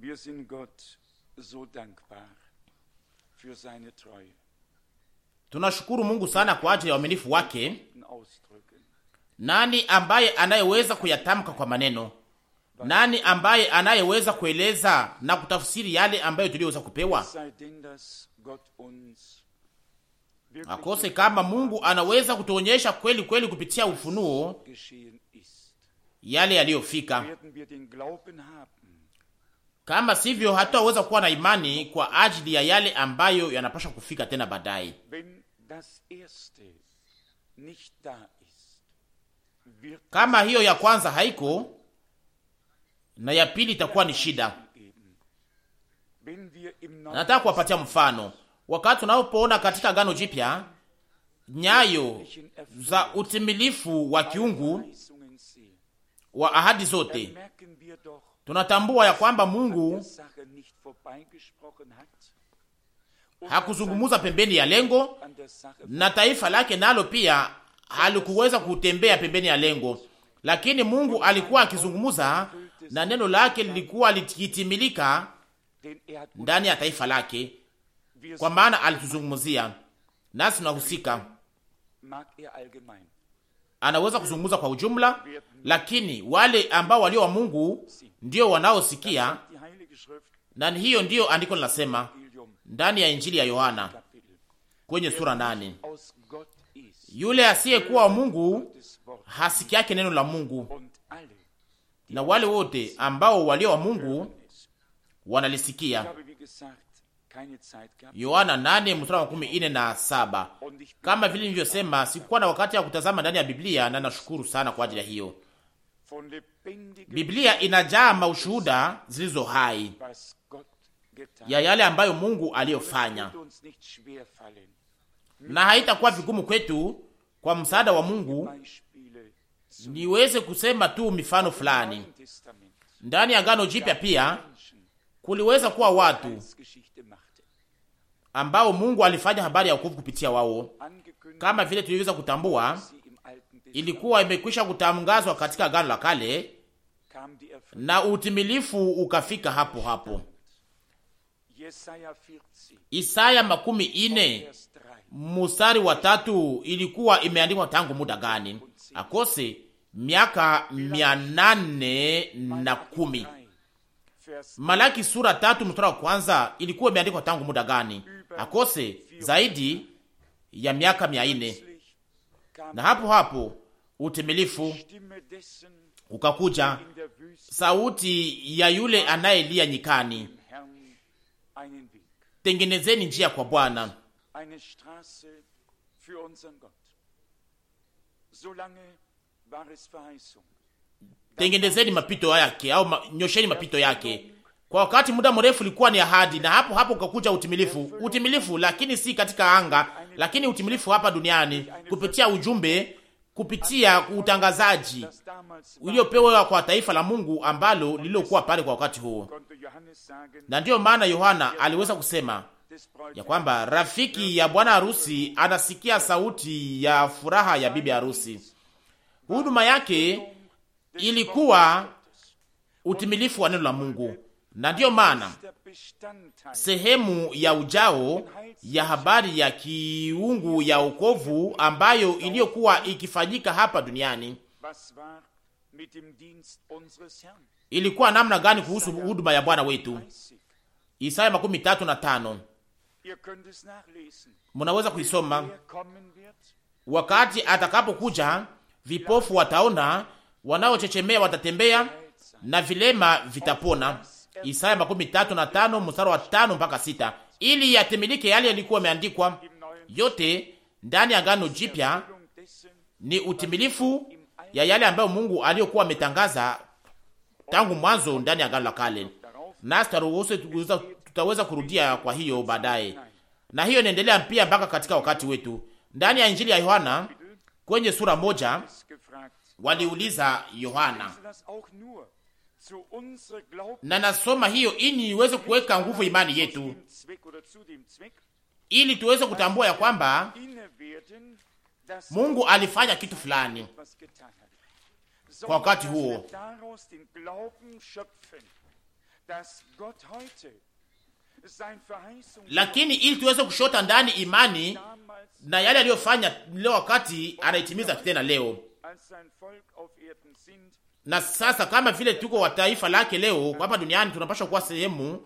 Wir sind Gott so dankbar für seine Treue. Tunashukuru Mungu sana kwa ajili ya uaminifu wake. Nani ambaye anayeweza kuyatamka kwa maneno? Nani ambaye anayeweza kueleza na kutafsiri yale ambayo tuliweza kupewa? Akose kama Mungu anaweza kutuonyesha kweli kweli kupitia ufunuo yale yaliyofika. Kama sivyo, hatutaweza kuwa na imani kwa ajili ya yale ambayo yanapasha kufika tena baadaye. Kama hiyo ya kwanza haiko na ya pili itakuwa ni shida. Nataka kuwapatia mfano. Wakati tunapoona katika Agano Jipya nyayo za utimilifu wa kiungu wa ahadi zote, tunatambua ya kwamba Mungu hakuzungumuza pembeni ya lengo, na taifa lake nalo pia halikuweza kutembea pembeni ya lengo, lakini Mungu alikuwa akizungumuza na neno lake lilikuwa likitimilika er ndani ya taifa lake, kwa maana alituzungumzia nasi tunahusika anaweza kuzungumza kwa ujumla, lakini wale ambao walio wa Mungu ndio wanaosikia, na hiyo ndiyo andiko linasema ndani ya Injili ya Yohana kwenye sura nane, yule asiyekuwa wa Mungu hasiki yake neno la Mungu, na wale wote ambao walio wa Mungu wanalisikia. Yohana nane mstari wa kumi ine na saba. Kama vile nilivyosema, sikuwa na wakati ya kutazama ndani ya Biblia na nashukuru sana kwa ajili ya hiyo. Biblia inajaa maushuhuda zilizo hai ya yale ambayo Mungu aliyofanya, na haitakuwa vigumu kwetu kwa msaada wa Mungu niweze kusema tu mifano fulani. Ndani ya Agano Jipya pia kuliweza kuwa watu ambao Mungu alifanya habari ya wokovu kupitia wao, kama vile tuliweza kutambua, ilikuwa imekwisha kutangazwa katika Agano la Kale na utimilifu ukafika hapo hapo. Isaya makumi ine mustari wa tatu ilikuwa imeandikwa tangu muda gani? Akose miaka mia nane na kumi. Malaki sura tatu mstari wa kwanza ilikuwa imeandikwa tangu muda gani? akose zaidi ya miaka mia nne. Na hapo hapo utimilifu ukakuja, sauti ya yule anayelia nyikani, tengenezeni njia kwa Bwana, tengenezeni mapito yake, au nyosheni mapito yake kwa wakati muda mrefu ilikuwa ni ahadi, na hapo hapo ukakuja utimilifu. Utimilifu lakini si katika anga, lakini utimilifu hapa duniani kupitia ujumbe, kupitia utangazaji uliopewa kwa taifa la Mungu ambalo lililokuwa pale kwa wakati huo. Na ndiyo maana Yohana aliweza kusema ya kwamba rafiki ya bwana harusi anasikia sauti ya furaha ya bibi harusi. Huduma yake ilikuwa utimilifu wa neno la Mungu na ndiyo maana sehemu ya ujao ya habari ya kiungu ya wokovu ambayo iliyokuwa ikifanyika hapa duniani ilikuwa namna gani kuhusu huduma ya Bwana wetu. Isaya makumi tatu na tano munaweza kuisoma. Wakati atakapokuja, vipofu wataona, wanaochechemea watatembea, na vilema vitapona. Isaya makumi tatu na tano mstari wa tano mpaka sita ili yatimilike yale yalikuwa yameandikwa yote ndani ya ngano jipya ni utimilifu ya yale ambayo Mungu aliyokuwa ametangaza tangu mwanzo ndani ya ngano la kale, na tutaruhusu tutaweza kurudia kwa hiyo baadaye, na hiyo inaendelea pia mpaka katika wakati wetu. Ndani ya Injili ya Yohana kwenye sura moja waliuliza Yohana na nasoma hiyo ili iweze kuweka nguvu imani yetu, ili tuweze kutambua ya kwamba Mungu alifanya kitu fulani kwa wakati huo lakini ili tuweze kushota ndani imani na yale aliyofanya leo, wakati anaitimiza tena leo na sasa kama vile tuko wa taifa lake leo hapa duniani, tunapaswa kuwa sehemu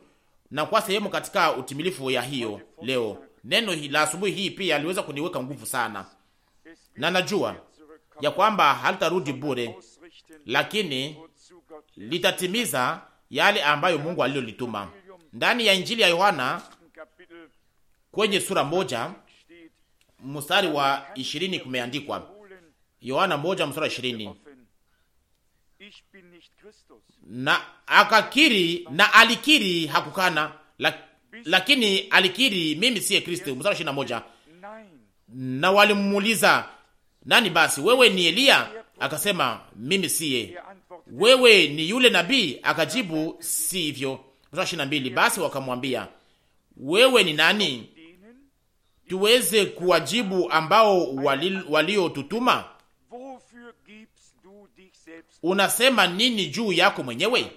na kuwa sehemu katika utimilifu ya hiyo leo. Neno hili la asubuhi hii pia aliweza kuniweka nguvu sana, na najua ya kwamba halitarudi bure, lakini litatimiza yale ambayo Mungu alilolituma. Ndani ya Injili ya Yohana kwenye sura moja mstari wa ishirini kumeandikwa, Yohana moja mstari wa ishirini na akakiri na alikiri, hakukana lak, lakini alikiri mimi siye Kristo. Mstari ishirini na moja na walimuuliza nani basi, wewe ni Eliya? Akasema mimi siye. Wewe ni yule nabii? Akajibu sivyo. Mstari ishirini na mbili basi wakamwambia wewe ni nani, tuweze kuwajibu ambao waliotutuma wali unasema nini juu yako mwenyewe?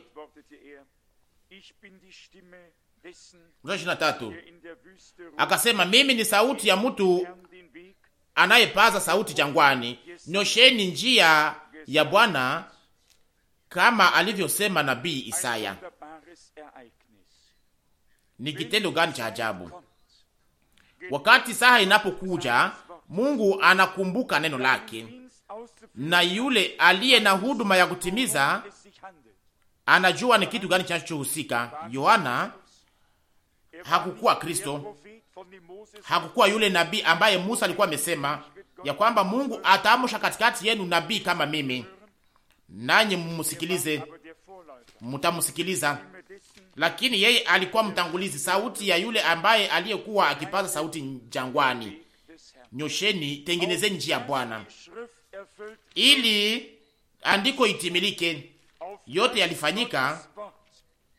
Akasema, mimi ni sauti ya mtu anayepaza sauti jangwani, nyosheni njia ya Bwana kama alivyosema nabii Isaya. Ni kitendo gani cha ajabu! Wakati saha inapokuja, Mungu anakumbuka neno lake na yule aliye na huduma ya kutimiza anajua ni kitu gani kinachohusika. Yohana hakukuwa Kristo, hakukuwa yule nabii ambaye Musa alikuwa amesema ya kwamba Mungu ataamsha katikati yenu nabii kama mimi, nanyi mumsikilize, mtamsikiliza. Lakini yeye alikuwa mtangulizi, sauti ya yule ambaye aliyekuwa akipaza sauti jangwani, nyosheni, tengenezeni njia ya Bwana ili andiko itimilike. Yote yalifanyika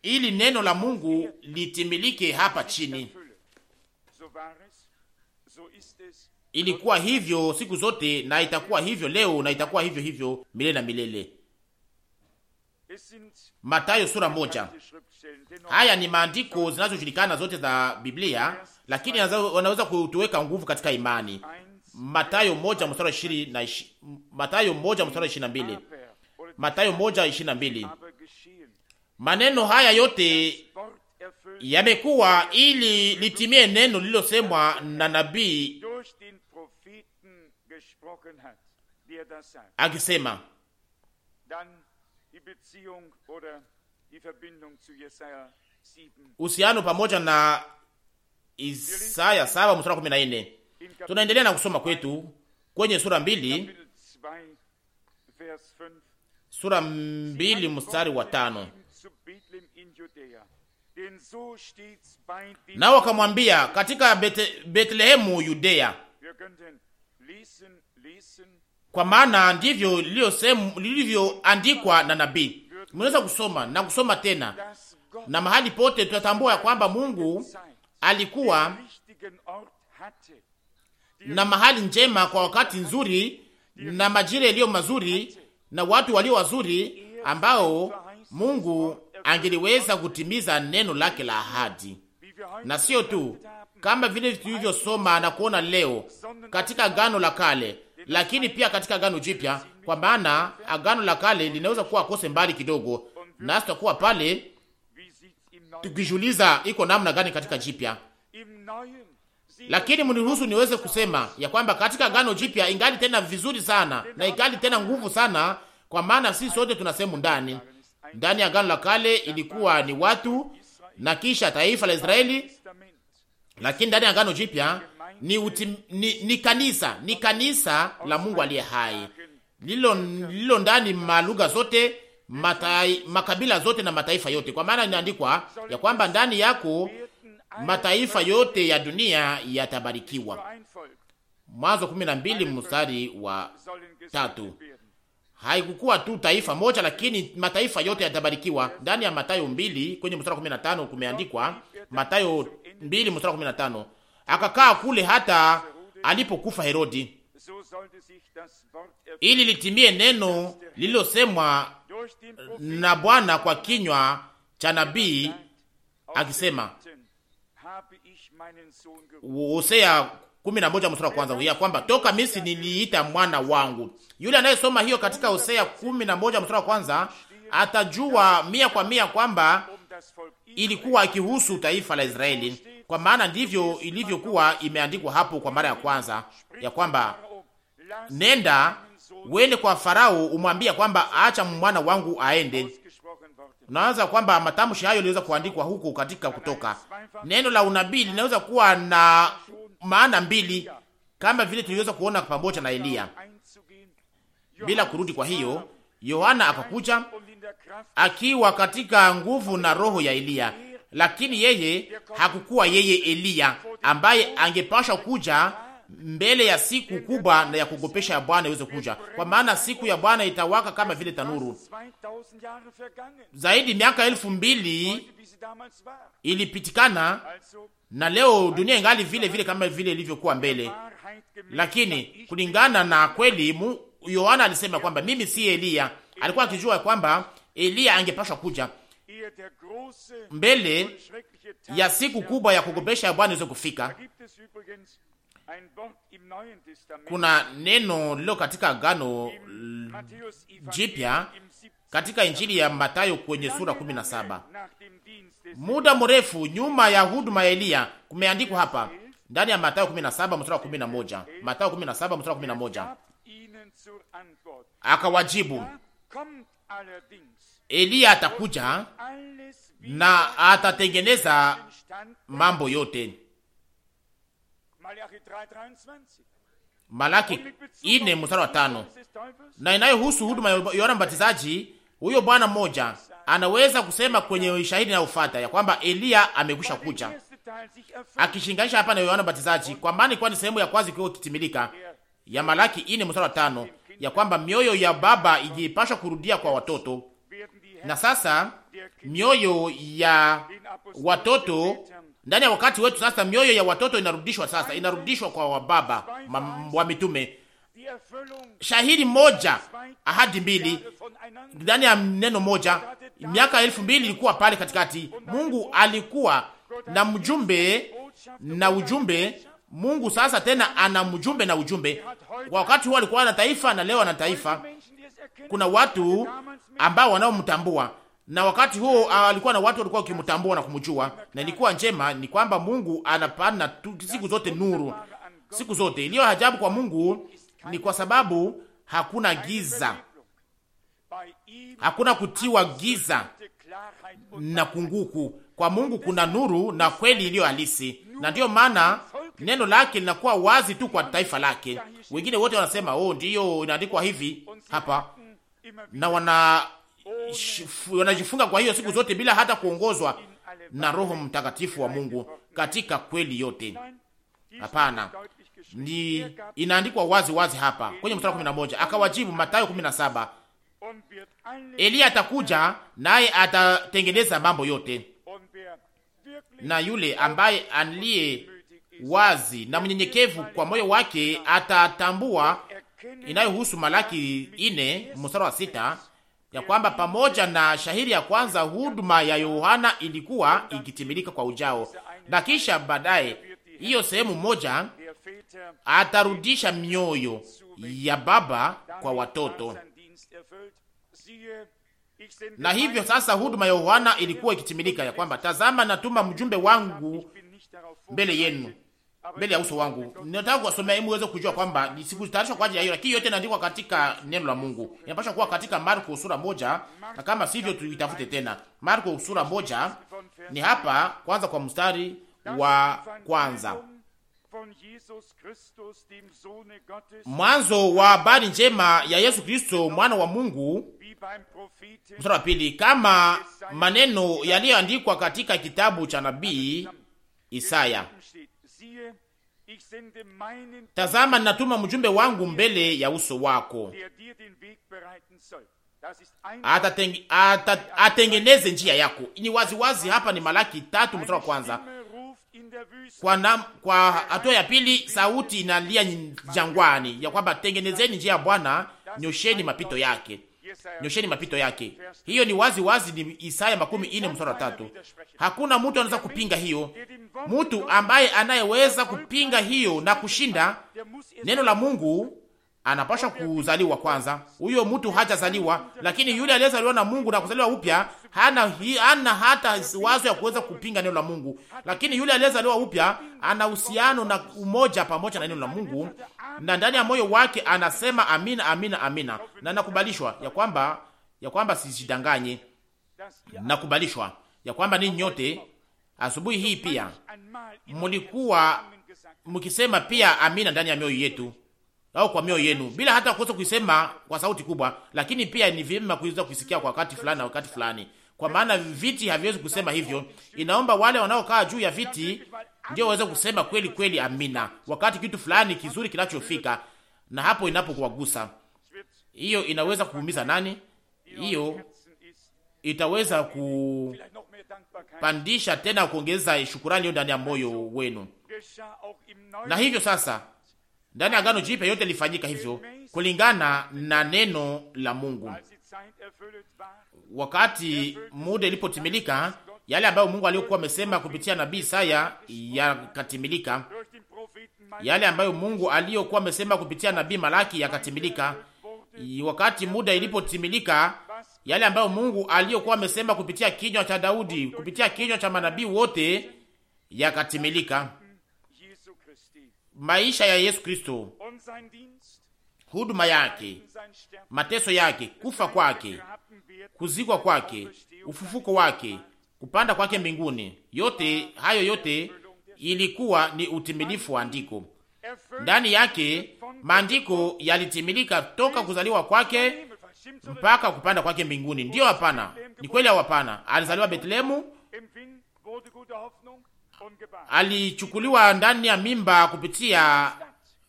ili neno la Mungu litimilike hapa chini. Ilikuwa hivyo siku zote na itakuwa hivyo leo na itakuwa hivyo hivyo milele na milele. Matayo sura moja. Haya ni maandiko zinazojulikana zote za Biblia, lakini wanaweza kutuweka nguvu katika imani. Matayo moja mstari ishirini na Matayo moja mstari ishirini na mbili Matayo moja ishirini na mbili Maneno haya yote yamekuwa ili litimie neno lililosemwa na nabii akisema uhusiano pamoja na Isaya saba mstari wa kumi na nne Tunaendelea na kusoma kwetu kwenye sura mbili, sura mbili mstari wa tano. Nao wakamwambia katika Betlehemu Yudea, kwa maana ndivyo lilivyoandikwa na nabii. Mnaweza kusoma na kusoma tena, na mahali pote tunatambua ya kwamba Mungu alikuwa na mahali njema kwa wakati nzuri na majira yaliyo mazuri na watu walio wazuri ambao Mungu angeliweza kutimiza neno lake la ahadi, na sio tu kama vile tulivyosoma na kuona leo katika Agano la Kale, lakini pia katika Agano Jipya, kwa maana Agano la Kale linaweza kuwa akose mbali kidogo, nasi tutakuwa pale tukijiuliza iko namna gani katika Jipya lakini mniruhusu niweze kusema ya kwamba katika gano Jipya ingali tena vizuri sana na ingali tena nguvu sana, kwa maana sisi sote tuna sehemu ndani. Ndani ya gano la Kale ilikuwa ni watu na kisha taifa la Israeli, lakini ndani ya gano Jipya ni, ni, ni kanisa ni kanisa la Mungu aliye hai lilo, lilo ndani malugha zote matai, makabila zote na mataifa yote, kwa maana inaandikwa ya kwamba ndani yako mataifa yote ya dunia yatabarikiwa. Mwanzo 12 mstari wa tatu. Haikukuwa tu taifa moja, lakini mataifa yote yatabarikiwa. Ndani ya matayo mbili kwenye mstari wa 15 kumeandikwa, Matayo 2 mstari wa 15, akakaa kule hata alipokufa Herodi, ili litimie neno lililosemwa na Bwana kwa kinywa cha nabii akisema, Hosea 11 mstari wa kwanza ya kwamba toka Misri niliita mwana wangu. Yule anayesoma hiyo katika Hosea 11 mstari wa kwanza atajua mia kwa mia kwamba ilikuwa ikihusu taifa la Israeli, kwa maana ndivyo ilivyokuwa imeandikwa hapo kwa mara ya kwanza ya kwamba nenda wende kwa Farao umwambia kwamba acha mwana wangu aende Unaanza kwamba matamshi hayo liweza kuandikwa huku katika Kutoka. Neno la unabii linaweza kuwa na maana mbili, kama vile tuliweza kuona pamoja na Eliya. Bila kurudi kwa hiyo, Yohana akakuja akiwa katika nguvu na roho ya Eliya, lakini yeye hakukuwa yeye Eliya ambaye angepashwa kuja mbele ya siku kubwa na ya kugopesha ya Bwana iweze kuja, kwa maana siku ya Bwana itawaka kama vile tanuru. Zaidi miaka elfu mbili ilipitikana na leo dunia ingali vile vile kama vile ilivyokuwa mbele, lakini kulingana na kweli, Yohana alisema kwamba mimi si Eliya. Alikuwa akijua kwamba Eliya angepashwa kuja mbele ya siku kubwa ya kuogopesha ya Bwana iweze kufika. Kuna neno lilo katika Agano Jipya katika Injili ya matayo kwenye sura 17, muda mrefu nyuma ya huduma ya Eliya, kumeandikwa hapa ndani ya Mathayo 17 mstari wa mstari wa akawajibu, Eliya atakuja na atatengeneza mambo yote Malaki ine mstari wa tano na inayohusu huduma ya Yohana Mbatizaji. Huyo bwana mmoja anaweza kusema kwenye shahidi ufata ya kwamba Eliya amekwisha kuja, akishinganisha hapa na Yohana Mbatizaji, kwa maana ilikuwa ni sehemu ya kwanza ikiwa kitimilika ya Malaki ine mstari wa tano ya kwamba mioyo ya baba ijipashwa kurudia kwa watoto, na sasa mioyo ya watoto ndani ya wakati wetu sasa. Mioyo ya watoto inarudishwa sasa, inarudishwa kwa wababa wa mitume. Shahidi moja ahadi mbili ndani ya neno moja, miaka elfu mbili ilikuwa pale katikati. Mungu alikuwa na mjumbe na ujumbe. Mungu sasa tena ana mjumbe na ujumbe. Kwa wakati huo alikuwa na taifa, na leo ana taifa. Kuna watu ambao wanaomtambua na wakati huo ah, alikuwa na watu walikuwa wakimtambua na kumjua, na ilikuwa njema ni kwamba Mungu anapana siku zote nuru siku zote. Iliyo ajabu kwa Mungu ni kwa sababu hakuna giza, hakuna kutiwa giza na kunguku. Kwa Mungu kuna nuru na kweli iliyo halisi, na ndiyo maana neno lake linakuwa wazi tu kwa taifa lake. Wengine wote wanasema oh, ndiyo inaandikwa hivi hapa, na wana wanajifunga kwa hiyo siku zote bila hata kuongozwa na Roho Mtakatifu wa Mungu katika kweli yote. Hapana, ni inaandikwa wazi wazi hapa kwenye mstari wa 11, akawajibu Mathayo 17, Eliya atakuja naye atatengeneza mambo yote, na yule ambaye aliye wazi na mnyenyekevu kwa moyo wake atatambua, inayohusu Malaki ine mstari wa sita ya kwamba pamoja na shahiri ya kwanza huduma ya Yohana ilikuwa ikitimilika kwa ujao, na kisha baadaye hiyo sehemu moja atarudisha mioyo ya baba kwa watoto. Na hivyo sasa huduma ya Yohana ilikuwa ikitimilika ya kwamba, tazama natuma mjumbe wangu mbele yenu mbele ya uso wangu. Nataka kuwasomea ili muweze kujua kwamba zitarishwa kwa ajili ya hiyo, lakini yote inaandikwa katika neno la Mungu. Inapaswa kuwa katika Marko sura moja, na kama sivyo tuitafute tena. Marko sura moja ni hapa kwanza, kwa mstari wa kwanza, mwanzo wa habari njema ya Yesu Kristo mwana wa Mungu. Mstari wa pili, kama maneno yaliyoandikwa katika kitabu cha nabii Isaya. Tazama, ninatuma mjumbe wangu mbele ya uso wako, atatengeneze njia yako. Ni waziwazi wazi, hapa ni Malaki tatu mstari wa kwanza kwa nam, kwa hatua ya pili, sauti inalia jangwani ya kwamba tengenezeni njia ya Bwana, nyosheni mapito yake nyosheni mapito yake. Hiyo ni wazi wazi, ni Isaya makumi ine mstari wa tatu. Hakuna mtu anaweza kupinga hiyo. Mtu ambaye anayeweza kupinga hiyo na kushinda neno la Mungu anapasha kuzaliwa kwanza. Huyo mtu hajazaliwa, lakini yule aliyezaliwa na Mungu na kuzaliwa upya hana, hana hata wazo ya kuweza kupinga neno la Mungu. Lakini yule aliyezaliwa upya ana uhusiano na umoja pamoja na neno la Mungu, na ndani ya moyo wake anasema amina, amina, amina, na nakubalishwa ya kwamba ya kwamba sijidanganye, nakubalishwa ya kwamba ninyi nyote asubuhi hii pia mlikuwa mkisema pia amina ndani ya mioyo yetu au kwa mioyo yenu bila hata kuweza kuisema kwa sauti kubwa, lakini pia ni vyema kuweza kuisikia kwa wakati fulani na wakati fulani, kwa maana viti haviwezi kusema hivyo. Inaomba wale wanaokaa juu ya viti ndio waweze kusema kweli kweli amina, wakati kitu fulani kizuri kinachofika, na hapo inapokuwagusa hiyo inaweza kuumiza nani? Hiyo itaweza kupandisha tena kuongeza shukurani hiyo ndani ya moyo wenu. Na hivyo sasa ndani ya Agano Jipya yote ilifanyika hivyo kulingana na neno la Mungu. Wakati muda ilipotimilika, yale ambayo Mungu aliyokuwa amesema kupitia nabii Isaya yakatimilika. Yale ambayo Mungu aliyokuwa amesema kupitia nabii Malaki yakatimilika. Wakati muda ilipotimilika, yale ambayo Mungu aliyokuwa amesema kupitia kinywa cha Daudi, kupitia kinywa cha manabii wote yakatimilika maisha ya Yesu Kristo, huduma yake, mateso yake, kufa kwake, er kuzikwa kwake, ufufuko wake, kupanda kwake mbinguni, yote hayo yote ilikuwa ni utimilifu wa andiko. Er Ndani yake maandiko yalitimilika toka kuzaliwa kwake mpaka kupanda kwake mbinguni. Ndiyo? Hapana, ni kweli au hapana? Alizaliwa Betlehemu alichukuliwa ndani ya mimba kupitia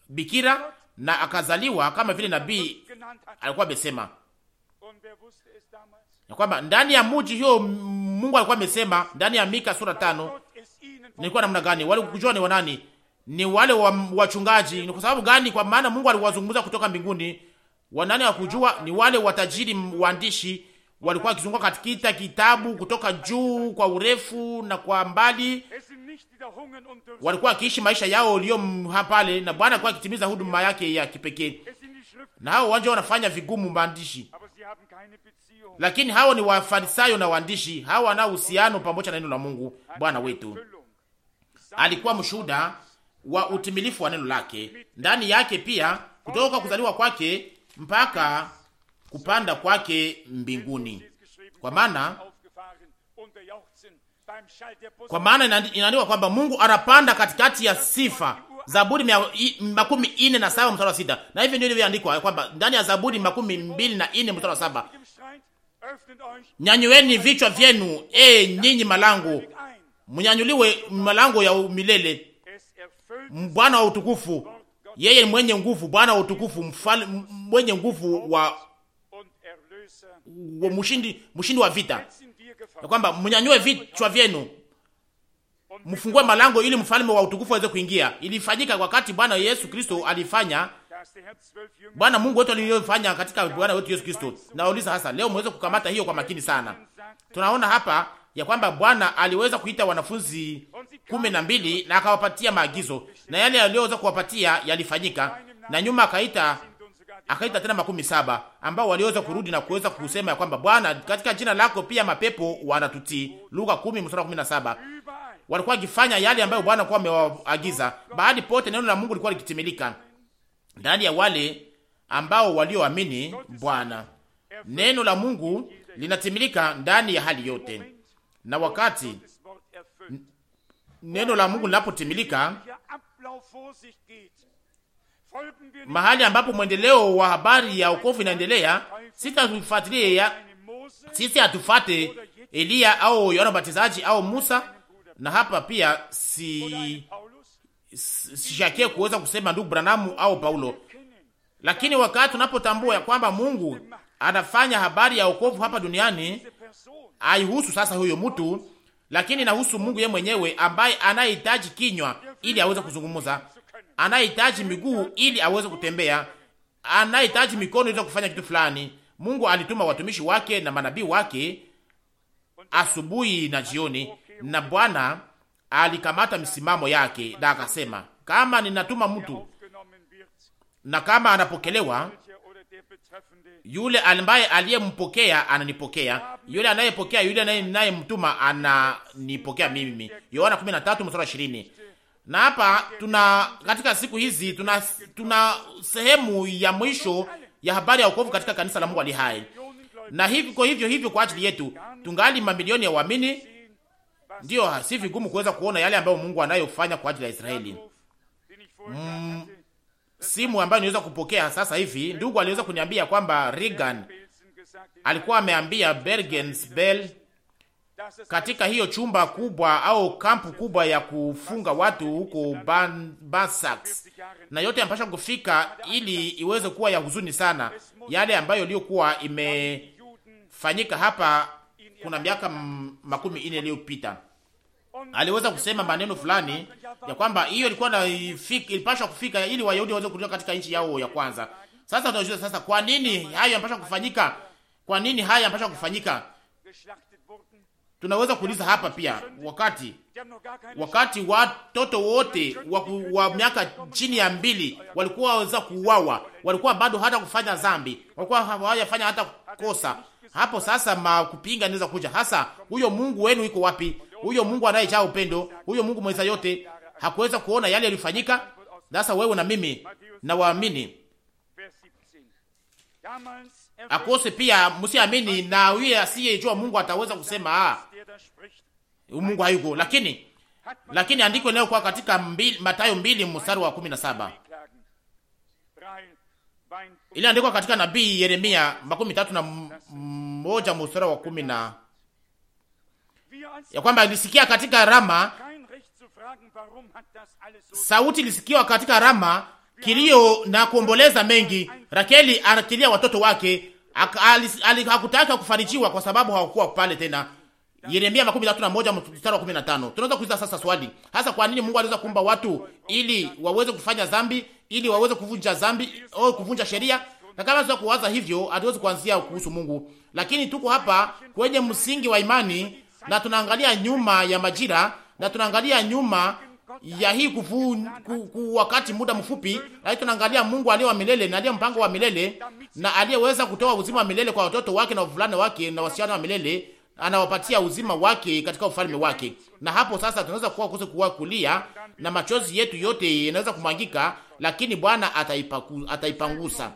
bikira na akazaliwa kama vile nabii alikuwa amesema ya kwamba ndani ya muji hiyo Mungu alikuwa amesema ndani ya Mika sura tano. Nilikuwa namna gani walikujua ni wanani? Ni wale wachungaji. Ni kwa sababu gani? Kwa maana Mungu aliwazungumza kutoka mbinguni. Wanani wakujua ni wale watajiri waandishi walikuwa wakizunguka katika kitabu kutoka juu kwa urefu na kwa mbali, walikuwa wakiishi maisha yao ulio pale, na Bwana alikuwa akitimiza huduma yake ya kipekee. Na hao wanja wanafanya vigumu maandishi, lakini hao ni wafarisayo na waandishi, hao wana uhusiano pamoja na neno la Mungu. Bwana wetu alikuwa mshuhuda wa utimilifu wa neno lake ndani yake, pia kutoka kuzaliwa kwake mpaka kupanda kwake mbinguni, kwa maana kwa maana inaandikwa kwamba Mungu anapanda katikati ya sifa. Zaburi makumi ine na saba mstari wa sita. Na hivyo ndio ilivyoandikwa kwamba ndani ya Zaburi makumi mbili na ine mstari wa saba, nyanyueni vichwa vyenu e nyinyi malango, mnyanyuliwe malango ya milele. Bwana wa utukufu, yeye mwenye nguvu, Bwana wa utukufu, mfalme mwenye nguvu wa mshindi, mshindi wa vita, ya kwamba mnyanyue vichwa vyenu mfungue malango ili mfalme wa utukufu aweze kuingia. Ilifanyika wakati Bwana Yesu Kristo alifanya Bwana Mungu wetu aliyofanya katika Bwana wetu Yesu Kristo. Nauliza hasa leo mweze kukamata hiyo kwa makini sana. Tunaona hapa ya kwamba Bwana aliweza kuita wanafunzi kumi na mbili na akawapatia maagizo na yale aliyoweza kuwapatia yalifanyika, na nyuma akaita akaita tena makumi saba ambao waliweza kurudi na kuweza kusema ya kwamba Bwana, katika jina lako pia mapepo wanatutii. Luka kumi mstari saba Walikuwa wakifanya yale ambayo Bwana kuwa amewaagiza. Baadhi pote neno la Mungu likuwa likitimilika ndani ya wale ambao walioamini Bwana. Neno la Mungu linatimilika ndani ya hali yote, na wakati neno la Mungu linapotimilika mahali ambapo mwendeleo wa habari ya wokovu inaendelea, sisi ya sisi hatufate Eliya au Yohana Mbatizaji au Musa. Na hapa pia si sishakie kuweza kusema ndugu Branamu au Paulo, lakini wakati tunapotambua ya kwamba Mungu anafanya habari ya wokovu hapa duniani, haihusu sasa huyo mtu, lakini inahusu Mungu yeye mwenyewe ambaye anahitaji kinywa ili aweze kuzungumza anayehitaji miguu ili aweze kutembea, anayehitaji mikono ili kufanya kitu fulani. Mungu alituma watumishi wake na manabii wake asubuhi na jioni, na Bwana alikamata misimamo yake na akasema, kama ninatuma mtu na kama anapokelewa yule ambaye aliyempokea ananipokea, yule anayepokea yule anayemtuma ananipokea mimi. Yohana 13:20. Na hapa tuna katika siku hizi tuna, tuna sehemu ya mwisho ya habari ya wokovu katika kanisa la Mungu ali hai, na hivyo hivyo hivyo kwa ajili yetu tungali mamilioni ya waamini. Ndiyo, si vigumu kuweza kuona yale ambayo Mungu anayofanya kwa ajili ya Israeli. Mm, simu ambayo niweza kupokea sasa hivi, ndugu aliweza kuniambia kwamba Reagan alikuwa ameambia Bergens Bell katika hiyo chumba kubwa au kampu kubwa ya kufunga watu huko Bansax, na yote yanapasha kufika ili iweze kuwa ya huzuni sana, yale ambayo iliyokuwa imefanyika hapa kuna miaka makumi ine iliyopita. Aliweza kusema maneno fulani ya kwamba hiyo ilikuwa na ilipasha kufika ili Wayahudi waweze kutoka katika nchi yao ya kwanza. Sasa tunajua sasa, kwa nini hayo yanapaswa kufanyika? Kwa nini haya yanapaswa kufanyika? Tunaweza kuuliza hapa pia, wakati wakati watoto wote wa wa miaka chini ya mbili walikuwa waweza kuuawa, walikuwa bado hata kufanya zambi, walikuwa hawajafanya hata kosa. Hapo sasa makupinga anaweza kuja hasa, huyo Mungu wenu iko wapi? Huyo Mungu anayejaa upendo, huyo Mungu mweza yote hakuweza kuona yale yalifanyika. Sasa wewe na mimi na waamini akose pia, msiamini na yeye asiyejua Mungu ataweza kusema ah Mungu hayuko. Lakini lakini andiko leo kwa katika mbili, Mathayo mbili mstari wa 17. Ile andiko katika nabii Yeremia makumi tatu na moja mstari wa kumi na ya kwamba ilisikia katika Rama sauti ilisikiwa katika Rama kilio na kuomboleza mengi. Rakeli anakilia watoto wake, hakutaka kufarijiwa kwa sababu hawakuwa pale tena Yeremia makumi tatu na moja mstari wa kumi na tano. Tunaweza kuuliza sasa swali hasa, kwa nini Mungu aliweza kuumba watu ili waweze kufanya zambi, ili waweze kuvunja zambi au kuvunja sheria? Na kama tunaweza kuwaza hivyo, hatuwezi kuanzia kuhusu Mungu, lakini tuko hapa kwenye msingi wa imani, na tunaangalia nyuma ya majira, na tunaangalia nyuma ya hii kufu, ku, ku, wakati muda mfupi, lakini tunaangalia Mungu aliye wa milele na aliye mpango wa milele na aliyeweza kutoa uzima wa milele kwa watoto wake na wavulana wake na wasichana wa milele anawapatia uzima wake katika ufalme wake. Na hapo sasa tunaweza kuwa kose kuwa kulia na machozi yetu yote yanaweza kumwangika, lakini Bwana ataipangusa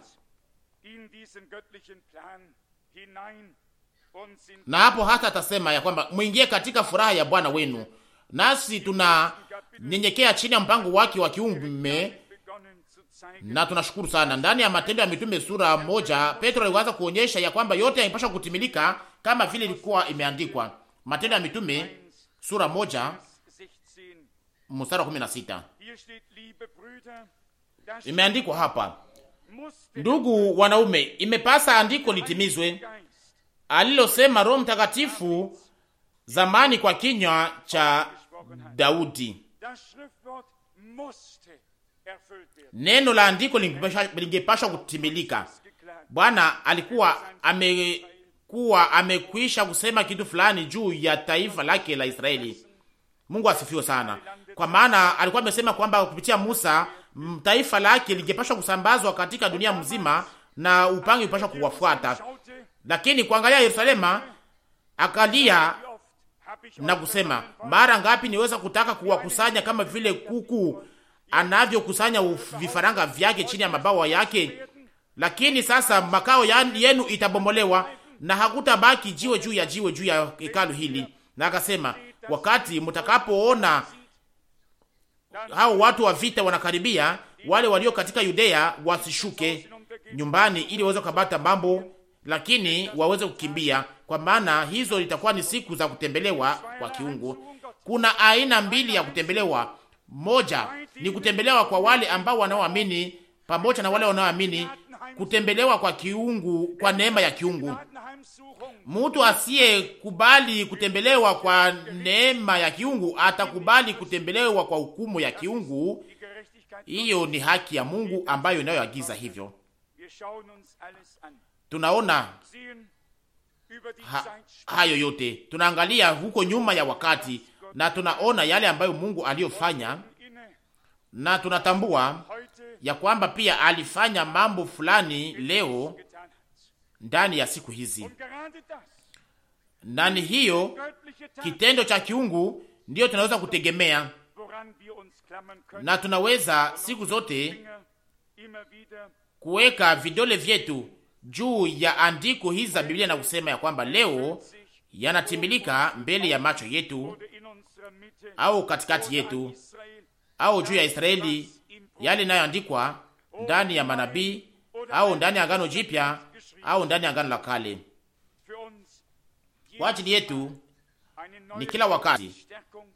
na hapo hata atasema ya kwamba mwingie katika furaha ya Bwana wenu. Nasi tunanyenyekea chini ya mpango wake wa kiume na tunashukuru sana. Ndani ya Matendo ya Mitume sura moja, Petro alianza kuonyesha ya kwamba yote yanapaswa kutimilika kama vile ilikuwa imeandikwa Matendo ya Mitume sura moja mstari wa 16, imeandikwa hapa, ndugu wanaume, imepasa andiko litimizwe alilosema Roho Mtakatifu zamani kwa kinywa cha Daudi. Neno la andiko lingepashwa kutimilika. Bwana alikuwa ame kuwa amekwisha kusema kitu fulani juu ya taifa lake la Israeli. Mungu asifiwe sana, kwa maana alikuwa amesema kwamba kupitia Musa taifa lake lingepashwa kusambazwa katika dunia mzima na upange upashwa kuwafuata, lakini kuangalia Yerusalema akalia na kusema, mara ngapi niweza kutaka kuwakusanya kama vile kuku anavyokusanya vifaranga vyake chini ya mabawa yake, lakini sasa makao yenu itabomolewa na hakutabaki jiwe juu ya jiwe juu ya hekalu hili. Na akasema wakati mtakapoona hao watu wa vita wanakaribia, wale walio katika Yudea wasishuke nyumbani ili waweze kukabata mambo, lakini waweze kukimbia, kwa maana hizo litakuwa ni siku za kutembelewa kwa kiungu. Kuna aina mbili ya kutembelewa. Moja ni kutembelewa kwa wale ambao wanaoamini pamoja na wale wanaoamini, kutembelewa kwa kiungu, kwa neema ya kiungu mutu asiye kubali kutembelewa kwa neema ya kiungu atakubali kutembelewa kwa hukumu ya kiungu. Hiyo ni haki ya Mungu ambayo inayoagiza hivyo. Tunaona ha, hayo yote tunaangalia huko nyuma ya wakati na tunaona yale ambayo Mungu aliyofanya, na tunatambua ya kwamba pia alifanya mambo fulani leo ndani ya siku hizi. Nani hiyo kitendo cha kiungu ndiyo tunaweza kutegemea, na tunaweza siku zote kuweka vidole vyetu juu ya andiko hizi za Biblia na kusema ya kwamba leo yanatimilika mbele ya macho yetu au katikati yetu au juu ya Israeli, yale inayoandikwa ndani ya manabii au ndani ya Agano Jipya au ndani ya Agano la Kale. Kwa ajili yetu ni kila wakati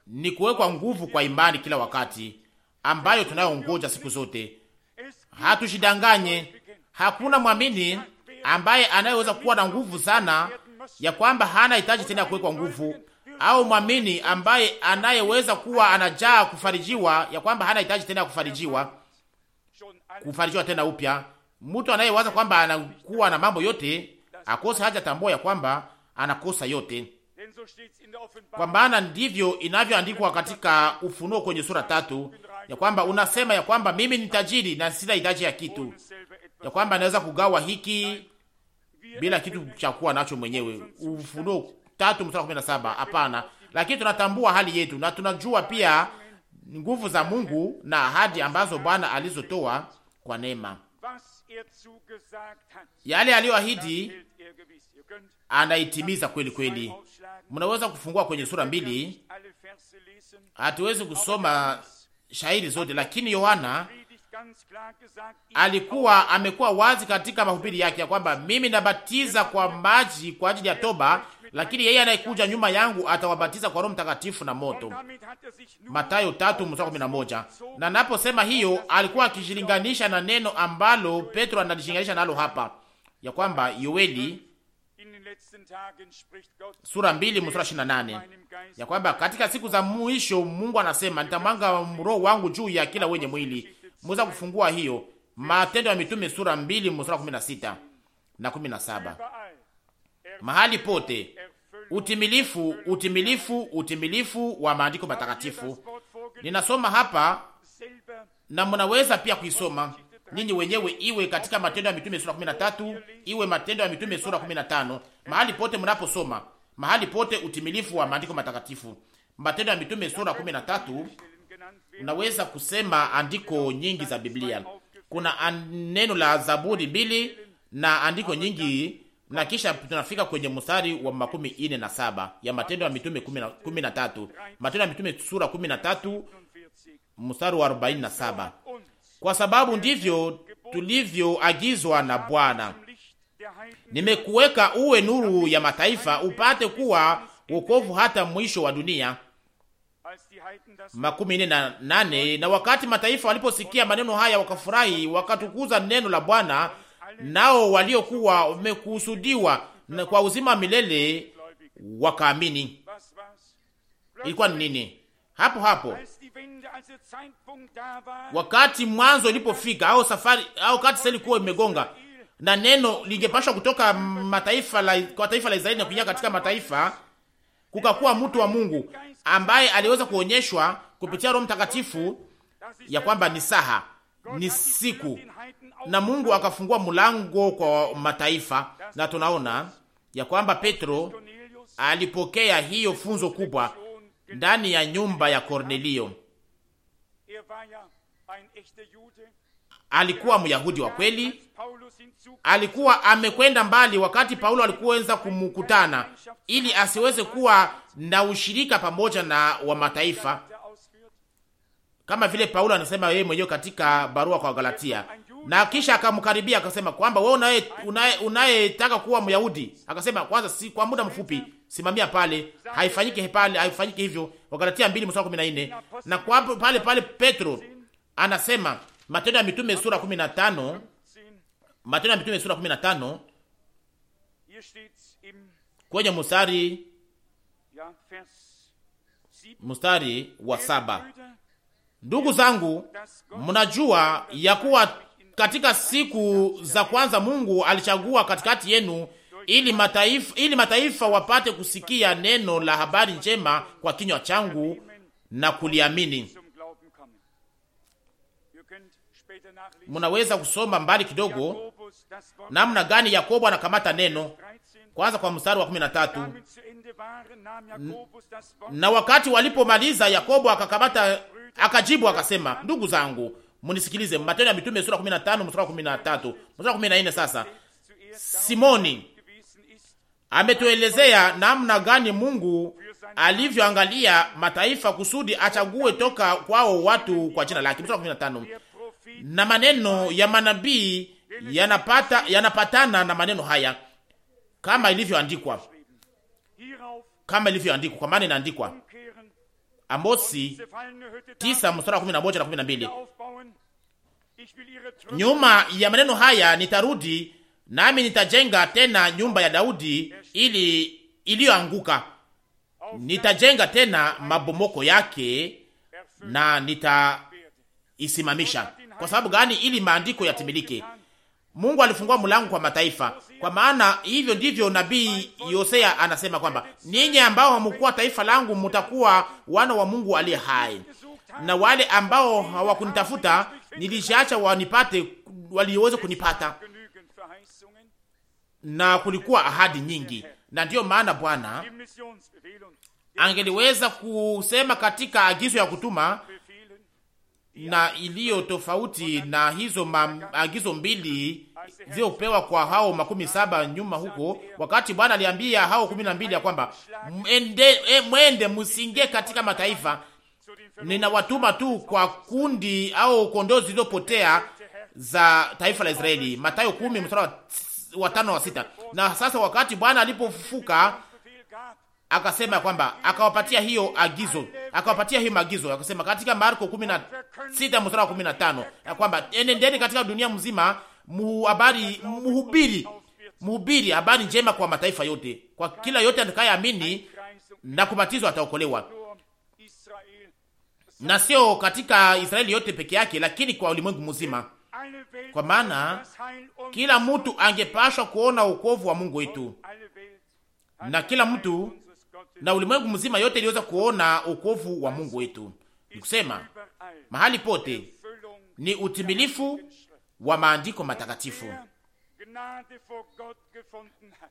ni kuwekwa nguvu kwa imani kila wakati ambayo tunayongoja siku zote. Hatushidanganye, hakuna mwamini ambaye anayeweza kuwa na nguvu sana ya kwamba hana hitaji tena ya kuwekwa nguvu, au mwamini ambaye anayeweza kuwa anajaa kufarijiwa ya kwamba hana hitaji tena ya kufarijiwa, kufarijiwa tena upya mtu anayewaza kwamba anakuwa na mambo yote akose haja tambua ya kwamba anakosa yote, kwa maana ndivyo inavyoandikwa katika Ufunuo kwenye sura tatu ya kwamba unasema ya kwamba mimi ni tajiri na sina hitaji ya kitu, ya kwamba naweza kugawa hiki bila kitu cha kuwa nacho mwenyewe. Ufunuo tatu mstari kumi na saba. Hapana, lakini tunatambua hali yetu na tunajua pia nguvu za Mungu na ahadi ambazo Bwana alizotoa kwa neema yale aliyoahidi er anaitimiza kweli kweli. Mnaweza kufungua kwenye sura mbili. Hatuwezi kusoma shahiri zote, lakini Yohana alikuwa amekuwa wazi katika mahubiri yake ya kwamba mimi nabatiza kwa maji kwa ajili ya toba, lakini yeye anayekuja nyuma yangu atawabatiza kwa Roho Mtakatifu na moto, Mathayo 3:11. Na naposema hiyo, alikuwa akijilinganisha na neno ambalo Petro analishinganisha nalo hapa ya kwamba Yoeli sura 2 28 ya kwamba katika siku za mwisho Mungu anasema nitamwanga roho wangu juu ya kila wenye mwili Mweza kufungua hiyo Matendo ya Mitume sura mbili mstari kumi na sita na kumi na saba mahali pote utimilifu, utimilifu, utimilifu wa maandiko matakatifu. Ninasoma hapa na mnaweza pia kuisoma ninyi wenyewe, iwe katika Matendo ya Mitume sura 13, iwe Matendo ya Mitume sura 15, mahali pote mnaposoma, mahali pote utimilifu wa maandiko matakatifu. Matendo ya Mitume sura 13 Unaweza kusema andiko nyingi za Biblia. Kuna neno la Zaburi mbili na andiko nyingi, na kisha tunafika kwenye mstari wa makumi ine na saba ya Matendo ya Mitume kumi na tatu Matendo ya Mitume sura kumi na tatu mstari wa arobaini na saba kwa sababu ndivyo tulivyoagizwa na Bwana, nimekuweka uwe nuru ya mataifa, upate kuwa wokovu hata mwisho wa dunia makumi nne na nane. Na wakati mataifa waliposikia maneno haya wakafurahi, wakatukuza neno la Bwana, nao waliokuwa wamekusudiwa kwa uzima wa milele wakaamini. Ilikuwa ni nini? Hapo hapo wakati mwanzo ilipofika, au safari au kati sasa ilikuwa imegonga na neno lingepashwa kutoka mataifa la, kwa taifa la Israeli na kuingia katika mataifa, kukakuwa mtu wa Mungu ambaye aliweza kuonyeshwa kupitia Roho Mtakatifu ya kwamba ni saha, ni siku, na Mungu akafungua mlango kwa mataifa, na tunaona ya kwamba Petro alipokea hiyo funzo kubwa ndani ya nyumba ya Kornelio alikuwa Myahudi wa kweli, alikuwa amekwenda mbali wakati Paulo alikuweza kumukutana ili asiweze kuwa na ushirika pamoja na wa mataifa, kama vile Paulo anasema yeye mwenyewe katika barua kwa Galatia, na kisha akamkaribia akasema kwamba wewe unayetaka kuwa Myahudi, akasema kwanza, si kwa muda mfupi simamia pale, haifanyiki pale, haifanyiki hivyo. Wagalatia 2:14 na kwa pale pale Petro anasema Matendo ya Mitume sura 15, Matendo ya Mitume sura 15 kwenye mstari mstari wa saba. Ndugu zangu, mnajua ya kuwa katika siku za kwanza Mungu alichagua katikati yenu ili mataifa, ili mataifa wapate kusikia neno la habari njema kwa kinywa changu na kuliamini. Munaweza kusoma mbali kidogo namna gani Yakobo anakamata neno kwanza kwa mstari wa 13. Na wakati walipomaliza, Yakobo akakamata akajibu akasema, ndugu zangu munisikilize. Matendo ya Mitume sura 15 mstari wa 13 mstari wa nne Sasa Simoni ametuelezea namna gani Mungu alivyoangalia mataifa kusudi achague toka kwao watu kwa jina lake. Mstari wa tano na maneno ya manabii yanapata yanapatana na maneno haya, kama ilivyoandikwa, kama ilivyoandikwa, kwa maana inaandikwa Amosi 9 mstari wa 11 na 12, nyuma ya maneno haya nitarudi nami nitajenga tena nyumba ya Daudi ili iliyoanguka, nitajenga tena mabomoko yake na nitaisimamisha. Kwa sababu gani? Ili maandiko yatimilike. Mungu alifungua mlango kwa mataifa, kwa maana hivyo ndivyo nabii yosea anasema kwamba ninyi ambao hamkuwa taifa langu mtakuwa wana wa Mungu aliye hai, na wale ambao hawakunitafuta nilishaacha wanipate, waliweza kunipata. Na kulikuwa ahadi nyingi, na ndiyo maana Bwana angeliweza kusema katika agizo ya kutuma na iliyo tofauti na hizo maagizo mbili zilizopewa kwa hao makumi saba nyuma huko, wakati Bwana aliambia hao kumi na mbili ya kwamba mwende, e, mwende musingie katika mataifa, ninawatuma tu kwa kundi au kondoo zilizopotea za taifa la Israeli, Mathayo kumi mstari wa tano wa sita. Na sasa wakati Bwana alipofufuka akasema kwamba akawapatia hiyo agizo, akawapatia hiyo maagizo, akasema katika Marko 16 mstari wa 15 ya kwamba enendeni katika dunia mzima, muhabari, muhubiri, muhubiri habari njema kwa mataifa yote, kwa kila yote atakayeamini na kubatizwa ataokolewa, na sio katika Israeli yote peke yake, lakini kwa ulimwengu mzima, kwa maana kila mtu angepashwa kuona ukovu wa Mungu wetu na kila mtu na ulimwengu mzima yote iliweza kuona ukovu wa Mungu wetu. kusema mahali pote ni utimilifu wa maandiko matakatifu,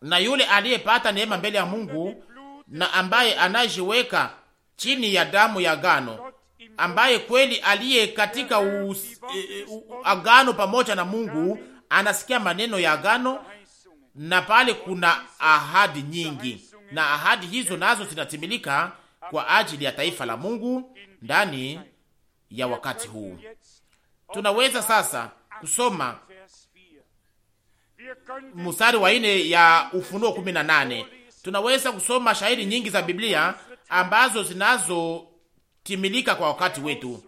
na yule aliyepata neema mbele ya Mungu na ambaye anajiweka chini ya damu ya agano, ambaye kweli aliye katika us, e, e, agano pamoja na Mungu anasikia maneno ya agano, na pale kuna ahadi nyingi na ahadi hizo nazo zinatimilika kwa ajili ya taifa la Mungu ndani ya wakati huu. Tunaweza sasa kusoma mstari wa ine ya Ufunuo 18. Tunaweza kusoma shahiri nyingi za Biblia ambazo zinazotimilika kwa wakati wetu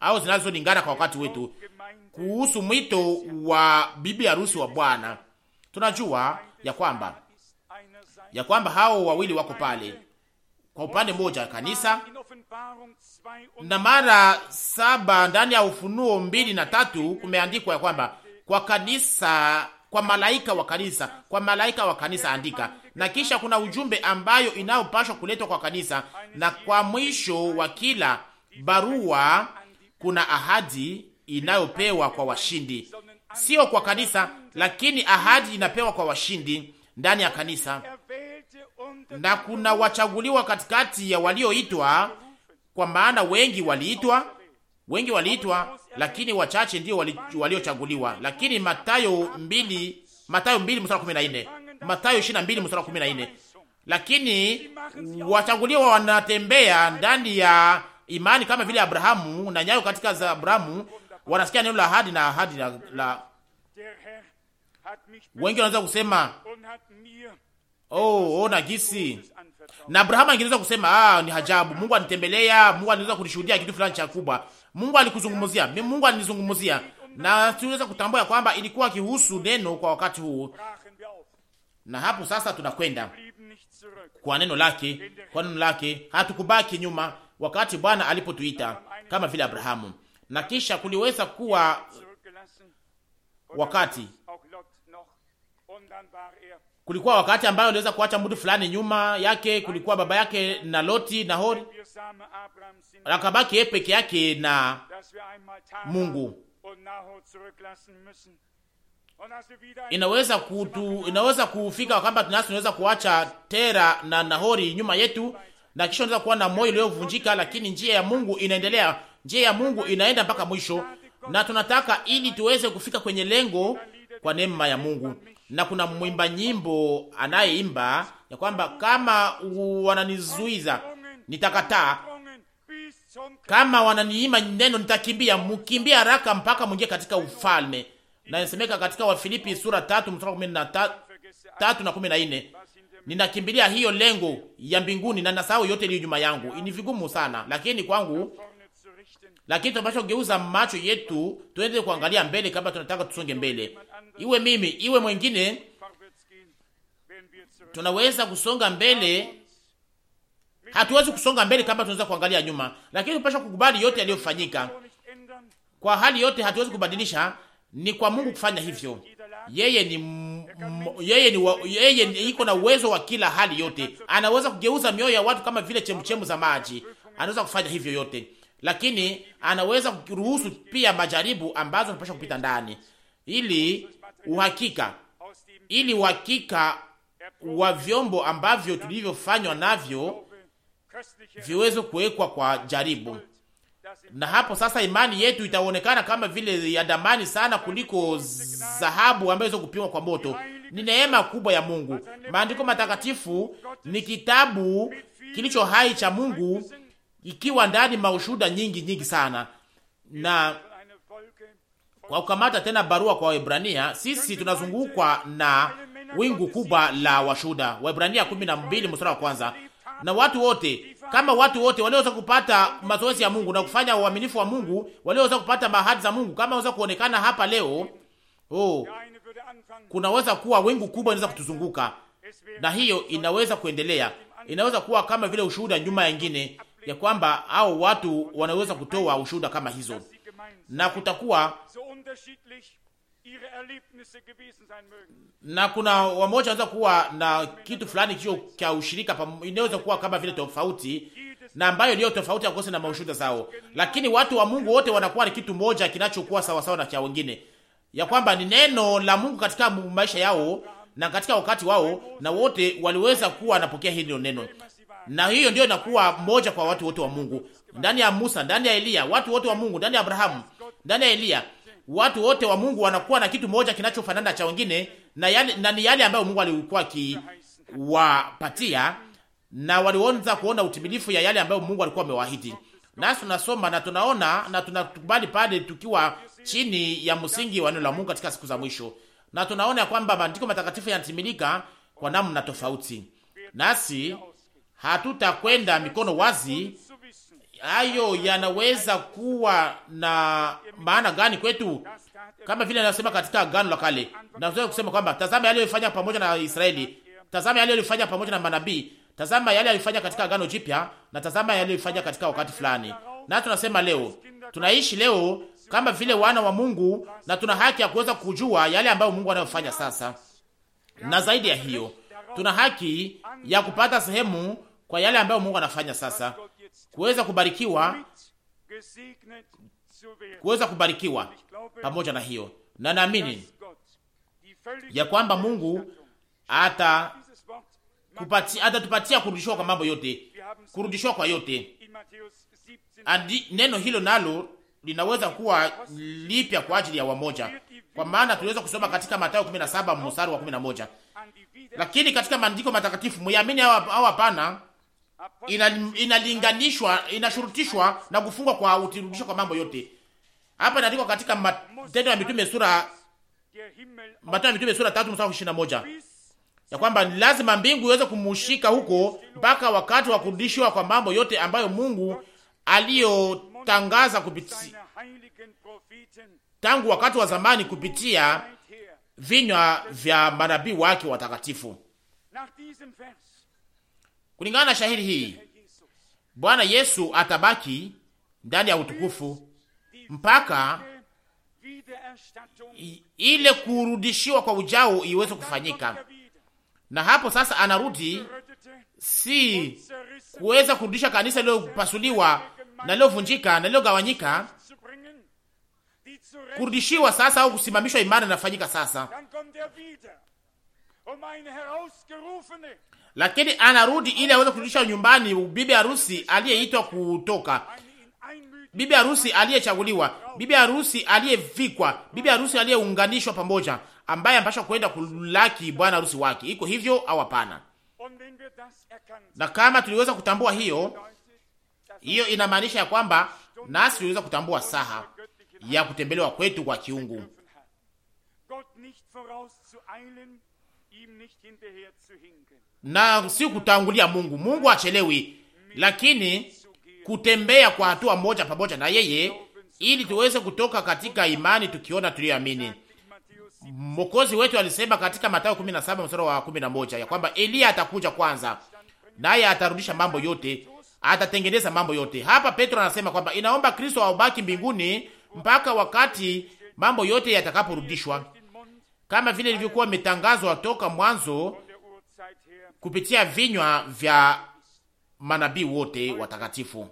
au zinazolingana kwa wakati wetu kuhusu mwito wa bibi harusi wa Bwana. Tunajua ya kwamba ya kwamba hao wawili wako pale kwa upande mmoja kanisa, na mara saba ndani ya Ufunuo mbili na tatu kumeandikwa ya kwamba kwa kanisa, kwa malaika wa kanisa, kwa malaika wa kanisa andika. Na kisha kuna ujumbe ambayo inayopashwa kuletwa kwa kanisa, na kwa mwisho wa kila barua kuna ahadi inayopewa kwa washindi, sio kwa kanisa, lakini ahadi inapewa kwa washindi ndani ya kanisa na kuna wachaguliwa katikati ya walioitwa, kwa maana wengi waliitwa, wengi waliitwa, lakini wachache ndio waliochaguliwa. Lakini Mathayo mbili, Mathayo mbili mstari kumi na nne Mathayo ishirini na mbili mstari kumi na nne lakini wachaguliwa wanatembea ndani ya imani kama vile Abrahamu na nyayo katika za Abrahamu, wanasikia neno la ahadi na ahadi la, la wengi wanaweza kusema Oh, ona gisi na Abrahamu angeweza kusema ah, ni hajabu, Mungu anitembelea, Mungu anaweza kunishuhudia kitu fulani cha kubwa. Mungu alikuzungumzia, Mungu alinizungumzia, na tunaweza kutambua kwamba ilikuwa kihusu neno kwa wakati huu. Na hapo sasa tunakwenda kwa neno lake, kwa neno lake, hatukubaki nyuma wakati Bwana alipotuita kama vile Abrahamu, na kisha kuliweza kuwa wakati Kulikuwa wakati ambayo aliweza kuacha mtu fulani nyuma yake, kulikuwa baba yake na Loti na Hori, akabaki yeye peke yake na Mungu. Inaweza kutu, inaweza kufika kwamba tunasi tunaweza kuacha Tera na Nahori nyuma yetu, na kisha unaweza kuwa na moyo uliovunjika, lakini njia ya Mungu inaendelea, njia ya Mungu inaenda mpaka mwisho, na tunataka ili tuweze kufika kwenye lengo kwa neema ya Mungu na kuna mwimba nyimbo anayeimba ya kwamba kama wananizuiza nitakataa, kama wananiima neno nitakimbia. Mkimbia haraka mpaka mwingie katika ufalme, na inasemeka katika Wafilipi sura 3 mstari kumi na tatu na kumi ninakimbilia hiyo lengo ya mbinguni na nasahau yote iliyo nyuma yangu. Ni vigumu sana, lakini kwangu lakini tunapaswa kugeuza macho yetu tuende kuangalia mbele, kabla tunataka tusonge mbele iwe mimi iwe mwengine, tunaweza kusonga mbele. Hatuwezi kusonga mbele kama tunaweza kuangalia nyuma, lakini tupasha kukubali yote yaliyofanyika. Kwa hali yote hatuwezi kubadilisha, ni kwa Mungu kufanya hivyo. Yeye ni yeye ni wa, yeye iko na uwezo wa kila hali yote. Anaweza kugeuza mioyo ya watu kama vile chemchemu za maji, anaweza kufanya hivyo yote, lakini anaweza kuruhusu pia majaribu ambazo tunapaswa kupita ndani, ili uhakika, ili uhakika wa vyombo ambavyo tulivyofanywa navyo viweze kuwekwa kwa jaribu, na hapo sasa imani yetu itaonekana kama vile ya damani sana kuliko dhahabu ambayo izo kupimwa kwa moto. Ni neema kubwa ya Mungu. Maandiko matakatifu ni kitabu kilicho hai cha Mungu, ikiwa ndani maushuda nyingi nyingi sana na kwa kukamata tena barua kwa Waebrania, sisi tunazungukwa na wingu kubwa la washuhuda. Waebrania 12 mstari wa kwanza. Na watu wote kama watu wote walioweza kupata mazoezi ya Mungu na kufanya uaminifu wa Mungu, walioweza kupata mahadi za Mungu, kama waweza kuonekana hapa leo, oh, kunaweza kuwa wingu kubwa inaweza kutuzunguka, na hiyo inaweza kuendelea. Inaweza kuwa kama vile ushuhuda nyuma ya ingine, ya kwamba au watu wanaweza kutoa ushuhuda kama hizo na kutakuwa na kuna wamoja wanaweza kuwa na kitu fulani kicho cha ushirika, inaweza kuwa kama vile tofauti na ambayo ndio tofauti ya kukosa na maushuda zao, lakini watu wa Mungu wote wanakuwa ni kitu moja kinachokuwa sawa sawa na cha wengine, ya kwamba ni neno la Mungu katika maisha yao na katika wakati wao, na wote waliweza kuwa wanapokea hili neno, na hiyo ndio inakuwa moja kwa watu wote wa Mungu ndani ya Musa, ndani ya Eliya, watu wote wa Mungu, ndani ya Abrahamu, ndani ya Eliya, watu wote wa Mungu wanakuwa na kitu moja kinachofanana cha wengine, na yale na ni yale ambayo Mungu alikuwa akiwapatia, na walianza kuona utimilifu ya yale ambayo Mungu alikuwa amewaahidi. Nasi tunasoma na tunaona na tunakubali pale tukiwa chini ya msingi wa neno la Mungu katika siku za mwisho, na tunaona kwamba maandiko matakatifu yanatimilika kwa namna tofauti. Nasi hatutakwenda mikono wazi hayo yanaweza kuwa na maana gani kwetu? Kama vile anasema katika Agano la Kale, naweza kusema kwamba tazama yale aliyofanya pamoja na Israeli, tazama yale aliyofanya pamoja na manabii, tazama yale aliyofanya katika Agano Jipya, na tazama yale aliyofanya katika wakati fulani. Na tunasema leo, tunaishi leo kama vile wana wa Mungu, na tuna haki ya kuweza kujua yale ambayo Mungu anayofanya sasa, na zaidi ya hiyo, tuna haki ya kupata sehemu kwa yale ambayo Mungu anafanya sasa kuweza kubarikiwa, kuweza kubarikiwa pamoja na hiyo, na naamini ya kwamba Mungu ata kupatia atatupatia kurudishwa kwa mambo yote, kurudishwa kwa yote. Andi, neno hilo nalo linaweza kuwa lipya kwa ajili ya wamoja, kwa maana tuliweza kusoma katika Mathayo 17 mstari wa 11, lakini katika maandiko matakatifu muamini hawa hapana inalinganishwa, inashurutishwa na kufungwa kwa utirudisho kwa mambo yote. Hapa inaandikwa katika Matendo ya Mitume sura Matendo ya Mitume sura 3 mstari wa 21 ya kwamba lazima mbingu iweze kumushika huko mpaka wakati wa kurudishwa kwa mambo yote ambayo Mungu aliyotangaza kupitia tangu wakati wa zamani kupitia vinywa vya manabii wake watakatifu. Kulingana na shahiri hii, Bwana Yesu atabaki ndani ya utukufu mpaka ile kurudishiwa kwa ujao iweze kufanyika. Na hapo sasa anarudi, si kuweza kurudisha kanisa lililopasuliwa na lililovunjika na lililogawanyika. Kurudishiwa sasa au kusimamishwa imani inafanyika sasa lakini anarudi ili aweze kurudisha nyumbani bibi harusi aliyeitwa kutoka, bibi harusi aliyechaguliwa, bibi harusi aliyevikwa, bibi harusi aliyeunganishwa pamoja, ambaye ampashwa kwenda kulaki bwana harusi wake. Iko hivyo au hapana? Na kama tuliweza kutambua hiyo, hiyo inamaanisha ya kwamba nasi tuliweza kutambua saha ya kutembelewa kwetu kwa kiungu na si kutangulia Mungu. Mungu achelewi, lakini kutembea kwa hatua moja pamoja na yeye, ili tuweze kutoka katika imani tukiona tuliyoamini. Mokozi wetu alisema katika Mathayo 17 mstari wa 11 ya kwamba Eliya atakuja kwanza, naye atarudisha mambo yote, atatengeneza mambo yote. Hapa Petro anasema kwamba inaomba Kristo aubaki mbinguni mpaka wakati mambo yote yatakaporudishwa, kama vile ilivyokuwa imetangazwa toka mwanzo kupitia vinywa vya manabii wote watakatifu.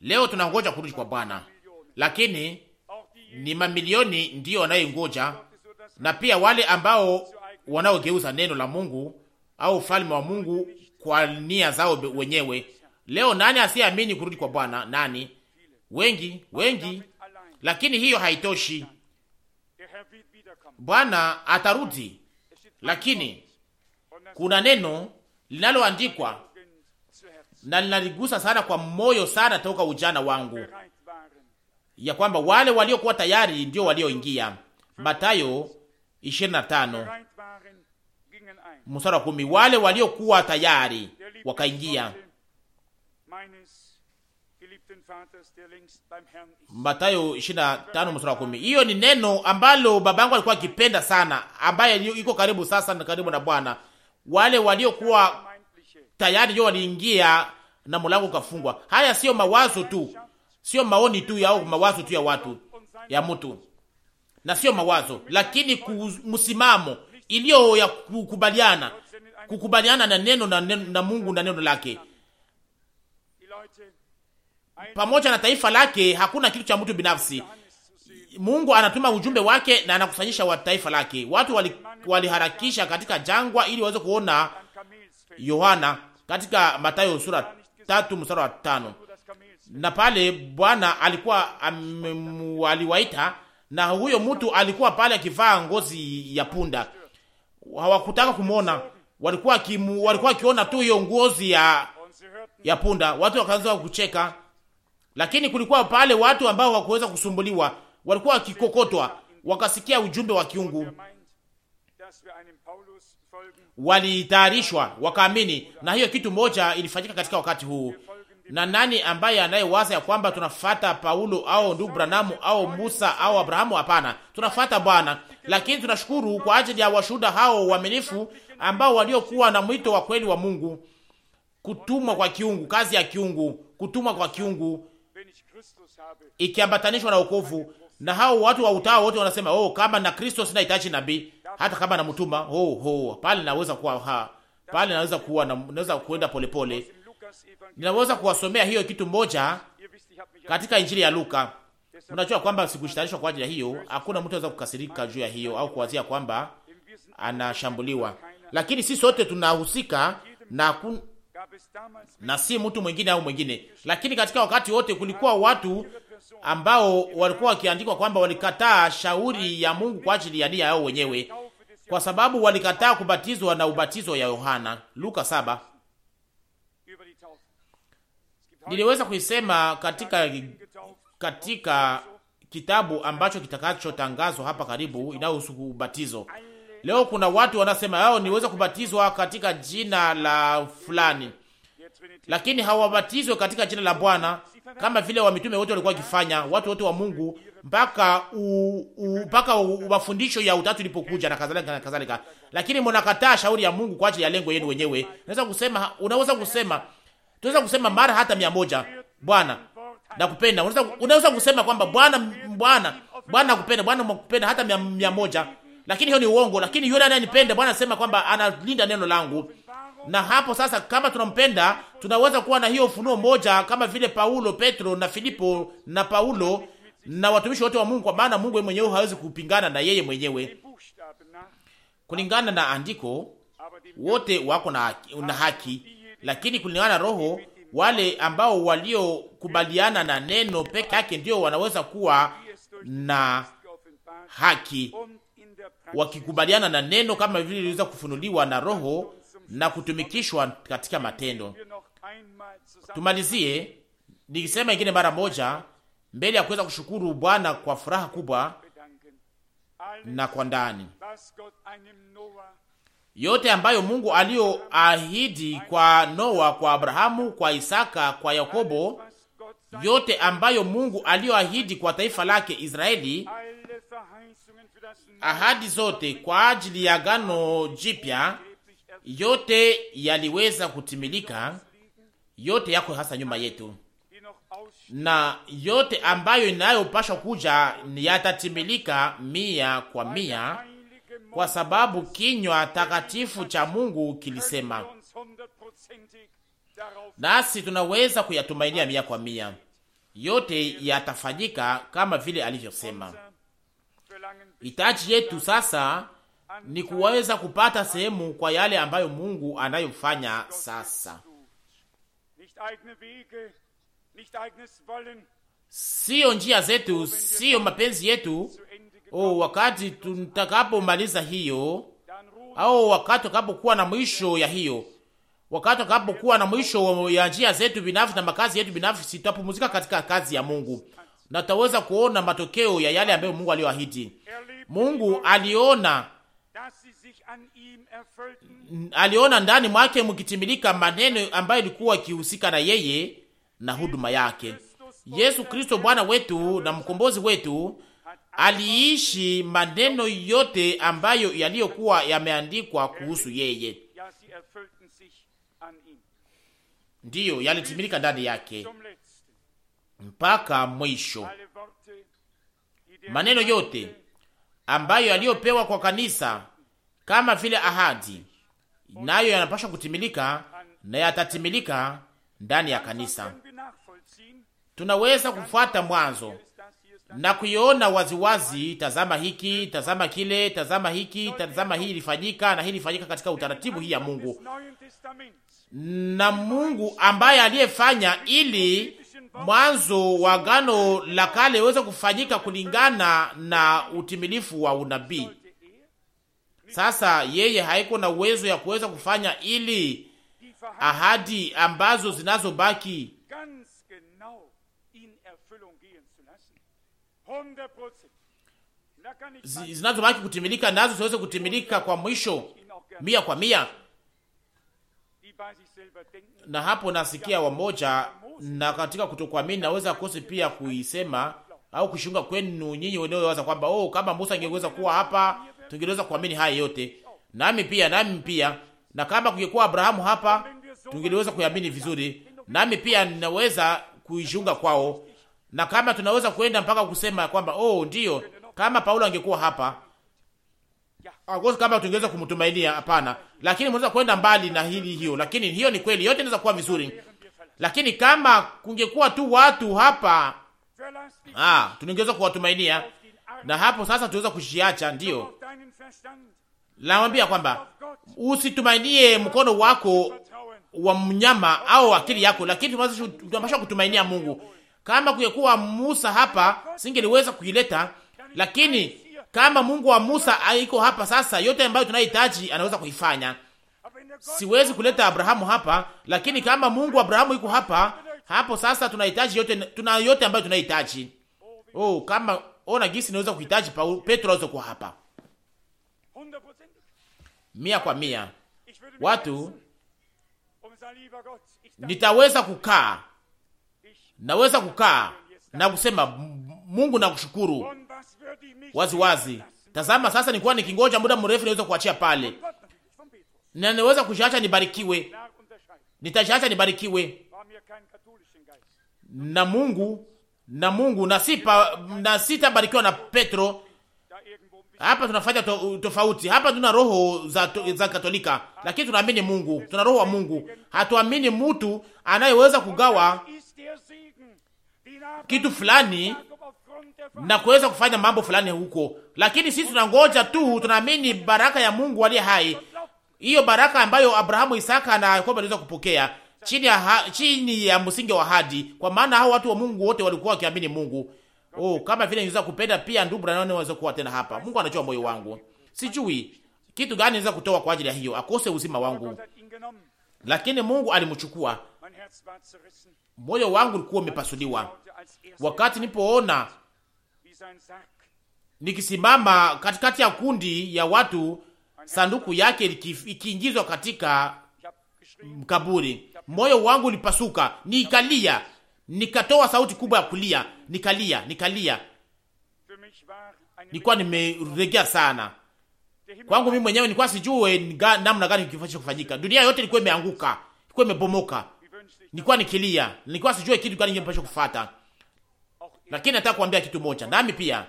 Leo tunangoja kurudi kwa Bwana, lakini ni mamilioni ndiyo wanayengoja, na pia wale ambao wanaogeuza neno la Mungu au ufalme wa Mungu kwa nia zao wenyewe. Leo nani asiyeamini kurudi kwa Bwana? Nani? Wengi, wengi. Lakini hiyo haitoshi. Bwana atarudi lakini kuna neno linaloandikwa na linaligusa sana kwa moyo sana toka ujana wangu, ya kwamba wale waliokuwa tayari ndio walioingia. Matayo 25 mstari wa kumi, wale waliokuwa tayari wakaingia. Mathayo 25 mstari wa 10. Hiyo ni neno ambalo babangu alikuwa akipenda sana, ambaye iko karibu sasa na karibu na Bwana. Wale waliokuwa tayari ndio waliingia na mlango ukafungwa. Haya sio mawazo tu, sio maoni tu ya au mawazo tu ya watu ya mtu, na sio mawazo lakini msimamo iliyo ya kukubaliana, kukubaliana na neno na, neno, na Mungu na neno lake pamoja na taifa lake, hakuna kitu cha mtu binafsi. Mungu anatuma ujumbe wake na anakusanyisha wa taifa lake. Watu waliharakisha wali katika jangwa ili waweze kuona Yohana katika Mathayo sura tatu mstari wa tano na pale Bwana alikuwa aliwaita na huyo mtu alikuwa pale akivaa ngozi ya punda. Hawakutaka kumwona, walikuwa kimu, walikuwa akiona tu hiyo ngozi ya ya punda. Watu wakaanza kucheka lakini kulikuwa pale watu ambao hawakuweza kusumbuliwa, walikuwa wakikokotwa, wakasikia ujumbe wa kiungu, walitayarishwa, wakaamini. Na hiyo kitu moja ilifanyika katika wakati huu. Na nani ambaye anayewaza ya kwamba tunafata Paulo au ndugu Branamu au Musa au Abrahamu? Hapana, tunafata Bwana. Lakini tunashukuru kwa ajili ya washuhuda hao waaminifu ambao waliokuwa na mwito wa kweli wa Mungu, kutumwa kwa kiungu, kazi ya kiungu, kutumwa kwa kiungu ikiambatanishwa na wokovu. Na hao watu wa utawa wote wanasema oh, kama na Kristo sina hitaji nabii, hata kama na mtuma oh, oh, pale naweza kuwa ha pale naweza kuwa na, naweza kuenda polepole. Ninaweza kuwasomea hiyo kitu moja katika Injili ya Luka. Unajua kwamba sikushitanisha kwa ajili ya hiyo, hakuna mtu anaweza kukasirika juu ya hiyo au kuwazia kwamba anashambuliwa, lakini sisi sote tunahusika na kun na si mtu mwingine au mwingine. Lakini katika wakati wote kulikuwa watu ambao walikuwa wakiandikwa kwamba walikataa shauri ya Mungu kwa ajili ya nia yao wenyewe, kwa sababu walikataa kubatizwa na ubatizo ya Yohana, Luka saba. Niliweza kuisema katika katika kitabu ambacho kitakachotangazwa hapa karibu inayohusu ubatizo. Leo kuna watu wanasema hao niweza kubatizwa katika jina la fulani, lakini hawabatizwe katika jina la Bwana kama vile wa mitume wote walikuwa wakifanya, watu wote wa Mungu mpaka mpaka mafundisho ya utatu ilipokuja na kadhalika na kadhalika, lakini mnakataa shauri ya Mungu kwa ajili ya lengo yenu wenyewe. Unaweza kusema, unaweza kusema, tunaweza kusema mara hata mia moja, Bwana nakupenda. Unaweza unaweza kusema kwamba Bwana, Bwana, Bwana nakupenda, Bwana nakupenda hata mia, mia moja lakini hiyo ni uongo. Lakini yule anayenipenda, Bwana anasema kwamba analinda neno langu. Na hapo sasa, kama tunampenda, tunaweza kuwa na hiyo ufunuo moja, kama vile Paulo, Petro na Filipo na Paulo na watumishi wote wa Mungu, kwa maana Mungu mwenyewe hawezi kupingana na yeye mwenyewe. Kulingana na andiko, wote wako na haki, na haki, lakini kulingana na Roho, wale ambao waliokubaliana na neno peke yake ndio wanaweza kuwa na haki wakikubaliana na neno kama vile iliweza kufunuliwa na Roho na kutumikishwa katika matendo. Tumalizie nikisema ingine mara moja mbele ya kuweza kushukuru Bwana kwa furaha kubwa na kwa ndani yote ambayo Mungu aliyoahidi kwa Noa, kwa Abrahamu, kwa Isaka, kwa Yakobo, yote ambayo Mungu aliyoahidi kwa taifa lake Israeli ahadi zote kwa ajili ya gano jipya yote yaliweza kutimilika, yote yako hasa nyuma yetu, na yote ambayo inayopashwa kuja yatatimilika mia kwa mia, kwa sababu kinywa takatifu cha Mungu kilisema, nasi tunaweza kuyatumainia mia kwa mia. Yote yatafanyika kama vile alivyosema. Hitaji yetu sasa ni kuweza kupata sehemu kwa yale ambayo Mungu anayofanya sasa, siyo njia zetu, siyo mapenzi yetu. Oh, wakati tutakapomaliza hiyo au wakati tutakapokuwa na mwisho ya hiyo, wakati tutakapokuwa na mwisho ya njia zetu binafsi na makazi yetu binafsi, tutapumzika katika kazi ya Mungu na tutaweza kuona matokeo ya yale ambayo Mungu aliyoahidi. Mungu aliona aliona ndani mwake mkitimilika maneno ambayo ilikuwa ikihusika na yeye na huduma yake. Yesu Kristo Bwana wetu na mkombozi wetu aliishi maneno yote ambayo yaliyokuwa yameandikwa kuhusu yeye, ndiyo yalitimilika ndani yake mpaka mwisho. Maneno yote ambayo yaliyopewa kwa kanisa kama vile ahadi, nayo yanapaswa kutimilika na yatatimilika ndani ya kanisa. Tunaweza kufuata mwanzo na kuiona waziwazi. Tazama hiki, tazama kile, tazama hiki, tazama hii ilifanyika na hii ilifanyika katika utaratibu hii ya Mungu na Mungu ambaye aliyefanya ili mwanzo wa gano la Kale iweze kufanyika kulingana na utimilifu wa unabii. Sasa yeye haiko na uwezo ya kuweza kufanya ili ahadi ambazo zinazobaki zinazobaki kutimilika nazo ziweze kutimilika kwa mwisho mia kwa mia. Na hapo nasikia wamoja na katika kutokuamini naweza kosi pia kuisema au kushunga kwenu nyinyi wanaowaza kwamba oh, kama Musa angeweza kuwa hapa tungeweza kuamini haya yote, nami pia nami pia, na kama kungekuwa Abrahamu hapa tungeweza kuamini vizuri, nami pia ninaweza kuijunga kwao, na kama tunaweza kwenda mpaka kusema kwamba oh, ndio kama Paulo angekuwa hapa Agosto kama tungeweza kumtumainia hapana, lakini mnaweza kwenda mbali na hili hiyo, lakini hiyo ni kweli, yote inaweza kuwa vizuri lakini kama kungekuwa tu watu hapa ah, ah tuningeweza kuwatumainia na hapo sasa tuweza kushiacha. Ndio nawambia kwamba usitumainie mkono wako wa mnyama au akili yako, lakini tunapaswa kutumainia Mungu. Kama kungekuwa Musa hapa, singeliweza kuileta, lakini kama Mungu wa Musa aiko hapa sasa, yote ambayo tunahitaji anaweza kuifanya siwezi kuleta Abrahamu hapa, lakini kama Mungu Abrahamu yuko hapa, hapo sasa tunahitaji yote, tuna yote ambayo tunahitaji. Oh, kama ona gisi naweza kuhitaji Paulo Petro aweze kuwa hapa mia kwa mia watu nitaweza kukaa, naweza kukaa na kusema Mungu nakushukuru waziwazi. Tazama sasa, nilikuwa nikingoja muda mrefu, naweza kuachia pale na niweza kushaacha nibarikiwe, nitashaacha nibarikiwe na Mungu na Mungu na sipa na sitabarikiwa na Petro. Hapa tunafanya to, tofauti. Hapa tuna roho za, za Katolika, lakini tunaamini Mungu, tuna roho wa Mungu. Hatuamini mtu anayeweza kugawa kitu fulani na kuweza kufanya mambo fulani huko, lakini sisi tunangoja tu, tunaamini baraka ya Mungu aliye hai hiyo baraka ambayo Abrahamu, Isaka na Yakobo waliweza kupokea chini ya, ha, chini ya msingi wa ahadi, kwa maana hao watu wa Mungu wote walikuwa wakiamini Mungu. Oh, kama vile niweza kupenda pia ndugu na nani waweza kuwa tena hapa. Mungu anajua moyo wangu. Sijui kitu gani niweza kutoa kwa ajili ya hiyo akose uzima wangu. Lakini Mungu alimchukua. Moyo wangu ulikuwa umepasuliwa. Wakati nipoona nikisimama katikati ya kundi ya watu sanduku yake ikiingizwa katika kaburi, moyo wangu ulipasuka, nikalia, nikatoa sauti kubwa ya kulia, nikalia, nikalia. Nilikuwa nimeregea sana kwangu mimi mwenyewe, nilikuwa sijue namna gani kifanyike kufanyika. Dunia yote ilikuwa imeanguka, ilikuwa imebomoka, nilikuwa nikilia, nilikuwa sijue kitu gani kingepaswa kufuata. Lakini nataka kuambia kitu moja, nami pia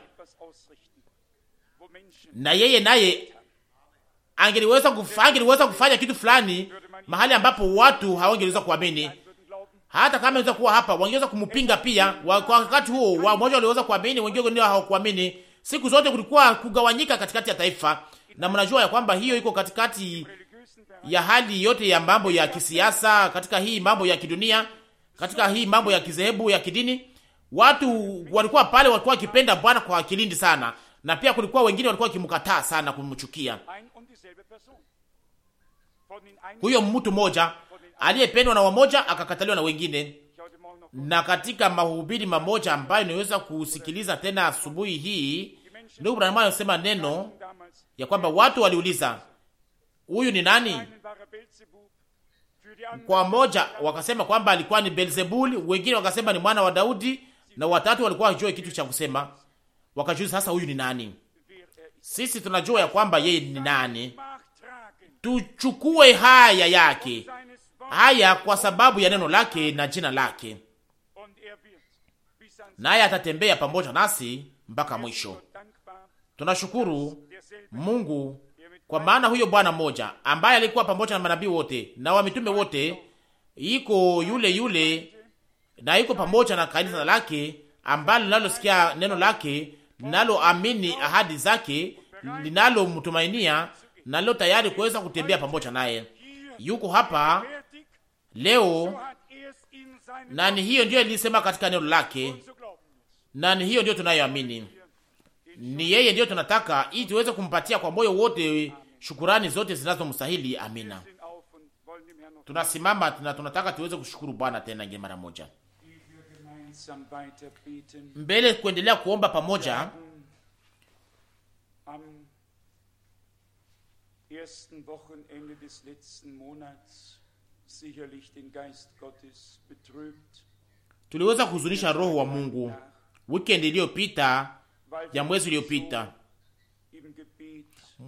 na yeye naye angeliweza kufanya, angeliweza kufanya kitu fulani mahali ambapo watu hawangeweza kuamini. Hata kama anaweza kuwa hapa, wangeweza kumpinga pia. Kwa wakati huo wamoja waliweza kuamini, wengine ndio hawakuamini. Siku zote kulikuwa kugawanyika katikati ya taifa, na mnajua ya kwamba hiyo iko katikati ya hali yote ya mambo ya kisiasa, katika hii mambo ya kidunia, katika hii mambo ya kizehebu ya kidini. Watu walikuwa pale, walikuwa wakipenda Bwana kwa kilindi sana, na pia kulikuwa wengine walikuwa wakimkataa sana, kumchukia huyo mtu mmoja aliyependwa na wamoja akakataliwa na wengine. Na katika mahubiri mamoja ambayo niweza kusikiliza tena asubuhi hii, ndugu Branham anasema neno ya kwamba watu waliuliza huyu ni nani? Kwa moja wakasema kwamba alikuwa ni belzebuli wengine wakasema ni mwana wa Daudi, na watatu walikuwa hajui kitu cha kusema wakajiuliza sasa, huyu ni nani? Sisi tunajua ya kwamba yeye ni nani, tuchukue haya yake haya kwa sababu ya neno lake na jina lake, naye atatembea pamoja nasi mpaka mwisho. Tunashukuru Mungu kwa maana huyo Bwana mmoja ambaye alikuwa pamoja na manabii wote na wamitume wote iko yule yule na iko pamoja na kanisa lake ambalo linalosikia neno lake linaloamini ahadi zake, linalomtumainia, nalo tayari kuweza kutembea pamoja naye. Yuko hapa leo, na ni hiyo ndiyo ilisema katika neno lake, na ni hiyo ndiyo tunayoamini. Ni yeye ndiyo tunataka, ili tuweze kumpatia kwa moyo wote shukurani zote zinazomstahili. Amina. Tunasimama na tunataka tuweze kushukuru Bwana tena ngine mara moja mbele kuendelea kuomba pamoja. Tuliweza kuhuzunisha roho wa Mungu wikendi iliyopita ya mwezi uliyopita,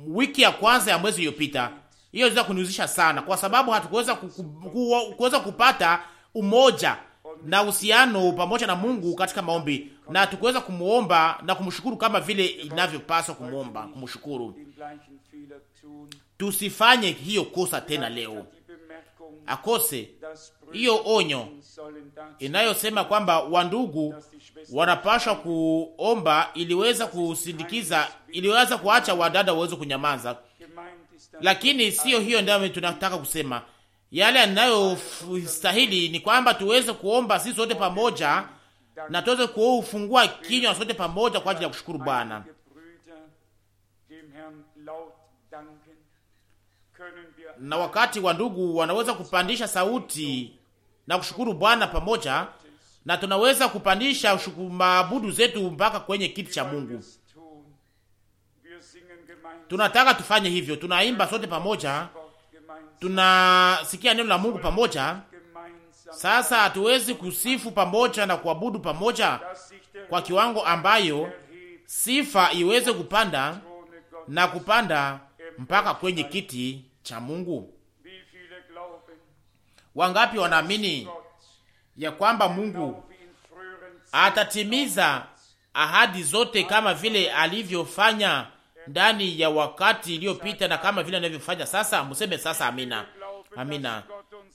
wiki ya kwanza ya mwezi iliyopita. Hiyo iliweza kunihuzisha sana, kwa sababu hatukuweza kuweza kupata umoja na uhusiano pamoja na Mungu katika maombi, na tukiweza kumwomba na kumshukuru kama vile inavyopaswa kumwomba kumshukuru. Tusifanye hiyo kosa tena leo, akose hiyo onyo inayosema kwamba wandugu wanapashwa kuomba, iliweza kusindikiza, iliweza kuacha wadada waweze kunyamaza, lakini siyo hiyo ndio tunataka kusema yale yanayostahili ni kwamba tuweze kuomba sisi sote pamoja na tuweze kufungua kinywa sote pamoja kwa ajili ya kushukuru Bwana. Na wakati wa ndugu wanaweza kupandisha sauti na kushukuru Bwana pamoja, na tunaweza kupandisha maabudu zetu mpaka kwenye kiti cha Mungu. Tunataka tufanye hivyo, tunaimba sote pamoja tunasikia neno la Mungu pamoja. Sasa hatuwezi kusifu pamoja na kuabudu pamoja kwa kiwango ambayo sifa iweze kupanda na kupanda mpaka kwenye kiti cha Mungu. Wangapi wanaamini ya kwamba Mungu atatimiza ahadi zote kama vile alivyofanya ndani ya wakati iliyopita na kama vile anavyofanya sasa, mseme sasa amina. Amina.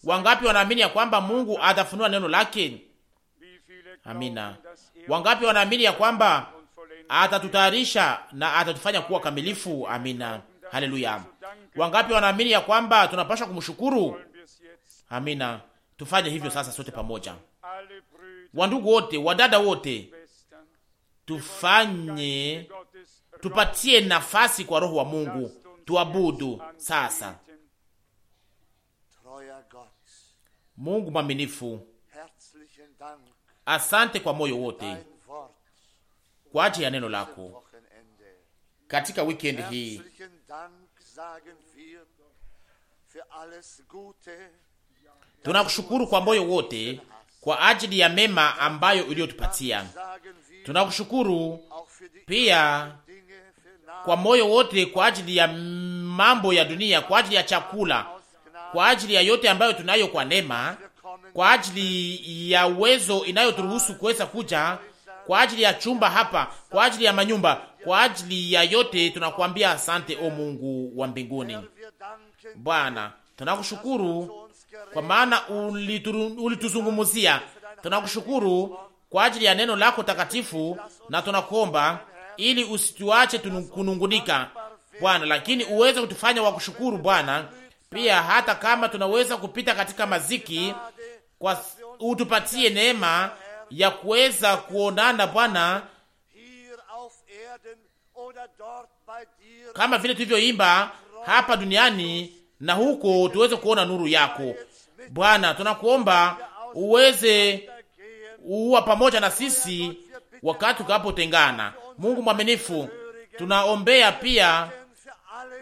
Wangapi wanaamini ya kwamba Mungu atafunua neno lake? Amina. Wangapi wanaamini ya kwamba atatutayarisha na atatufanya kuwa kamilifu? Amina. Haleluya. Wangapi wanaamini ya kwamba tunapaswa kumshukuru? Amina. Tufanye hivyo sasa sote pamoja. Wandugu wote, wadada wote, tufanye tupatie nafasi kwa Roho wa Mungu tuabudu sasa. Mungu mwaminifu, asante kwa moyo wote kwa ajili ya neno lako katika wikendi hii. Tunakushukuru kwa moyo wote kwa ajili ya mema ambayo uliyotupatia. Tunakushukuru pia kwa moyo wote kwa ajili ya mambo ya dunia, kwa ajili ya chakula, kwa ajili ya yote ambayo tunayo kwa neema, kwa ajili ya uwezo inayoturuhusu kuweza kuja, kwa ajili ya chumba hapa, kwa ajili ya manyumba, kwa ajili ya yote tunakuambia asante, o Mungu wa mbinguni. Bwana, tunakushukuru kwa maana ulituzungumzia. Tunakushukuru kwa ajili ya neno lako takatifu, na tunakuomba ili usituache kunungunika Bwana, lakini uweze kutufanya wa kushukuru Bwana, pia hata kama tunaweza kupita katika maziki kwa utupatie neema ya kuweza kuonana Bwana, kama vile tulivyoimba hapa duniani na huko tuweze kuona nuru yako Bwana. Tunakuomba uweze uwa pamoja na sisi wakati tukapotengana, Mungu mwaminifu, tunaombea pia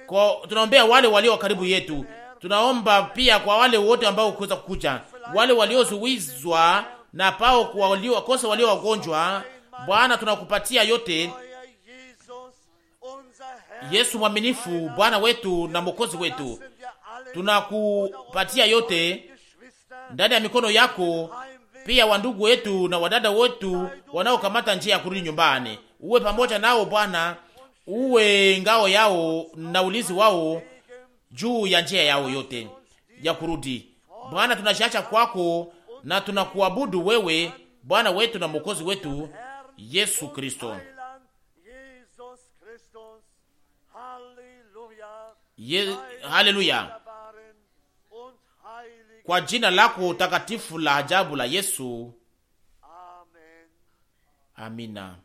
kwa, tunaombea wale walio karibu yetu, tunaomba pia kwa wale wote ambao kuweza kukuja, wale waliozuizwa na pao kwa waliokosa, walio wagonjwa. Bwana tunakupatia yote, Yesu mwaminifu, Bwana wetu na mwokozi wetu, tunakupatia yote ndani ya mikono yako, pia wandugu wetu na wadada wetu wanaokamata njia ya kurudi nyumbani uwe pamoja nao Bwana, uwe ngao yao na ulinzi wao juu ya njia yao yote ya kurudi. Bwana, tunashacha kwako na tunakuabudu wewe, Bwana wetu na mwokozi wetu Yesu Kristo. Ye, haleluya! Kwa jina lako takatifu la ajabu la Yesu, amina.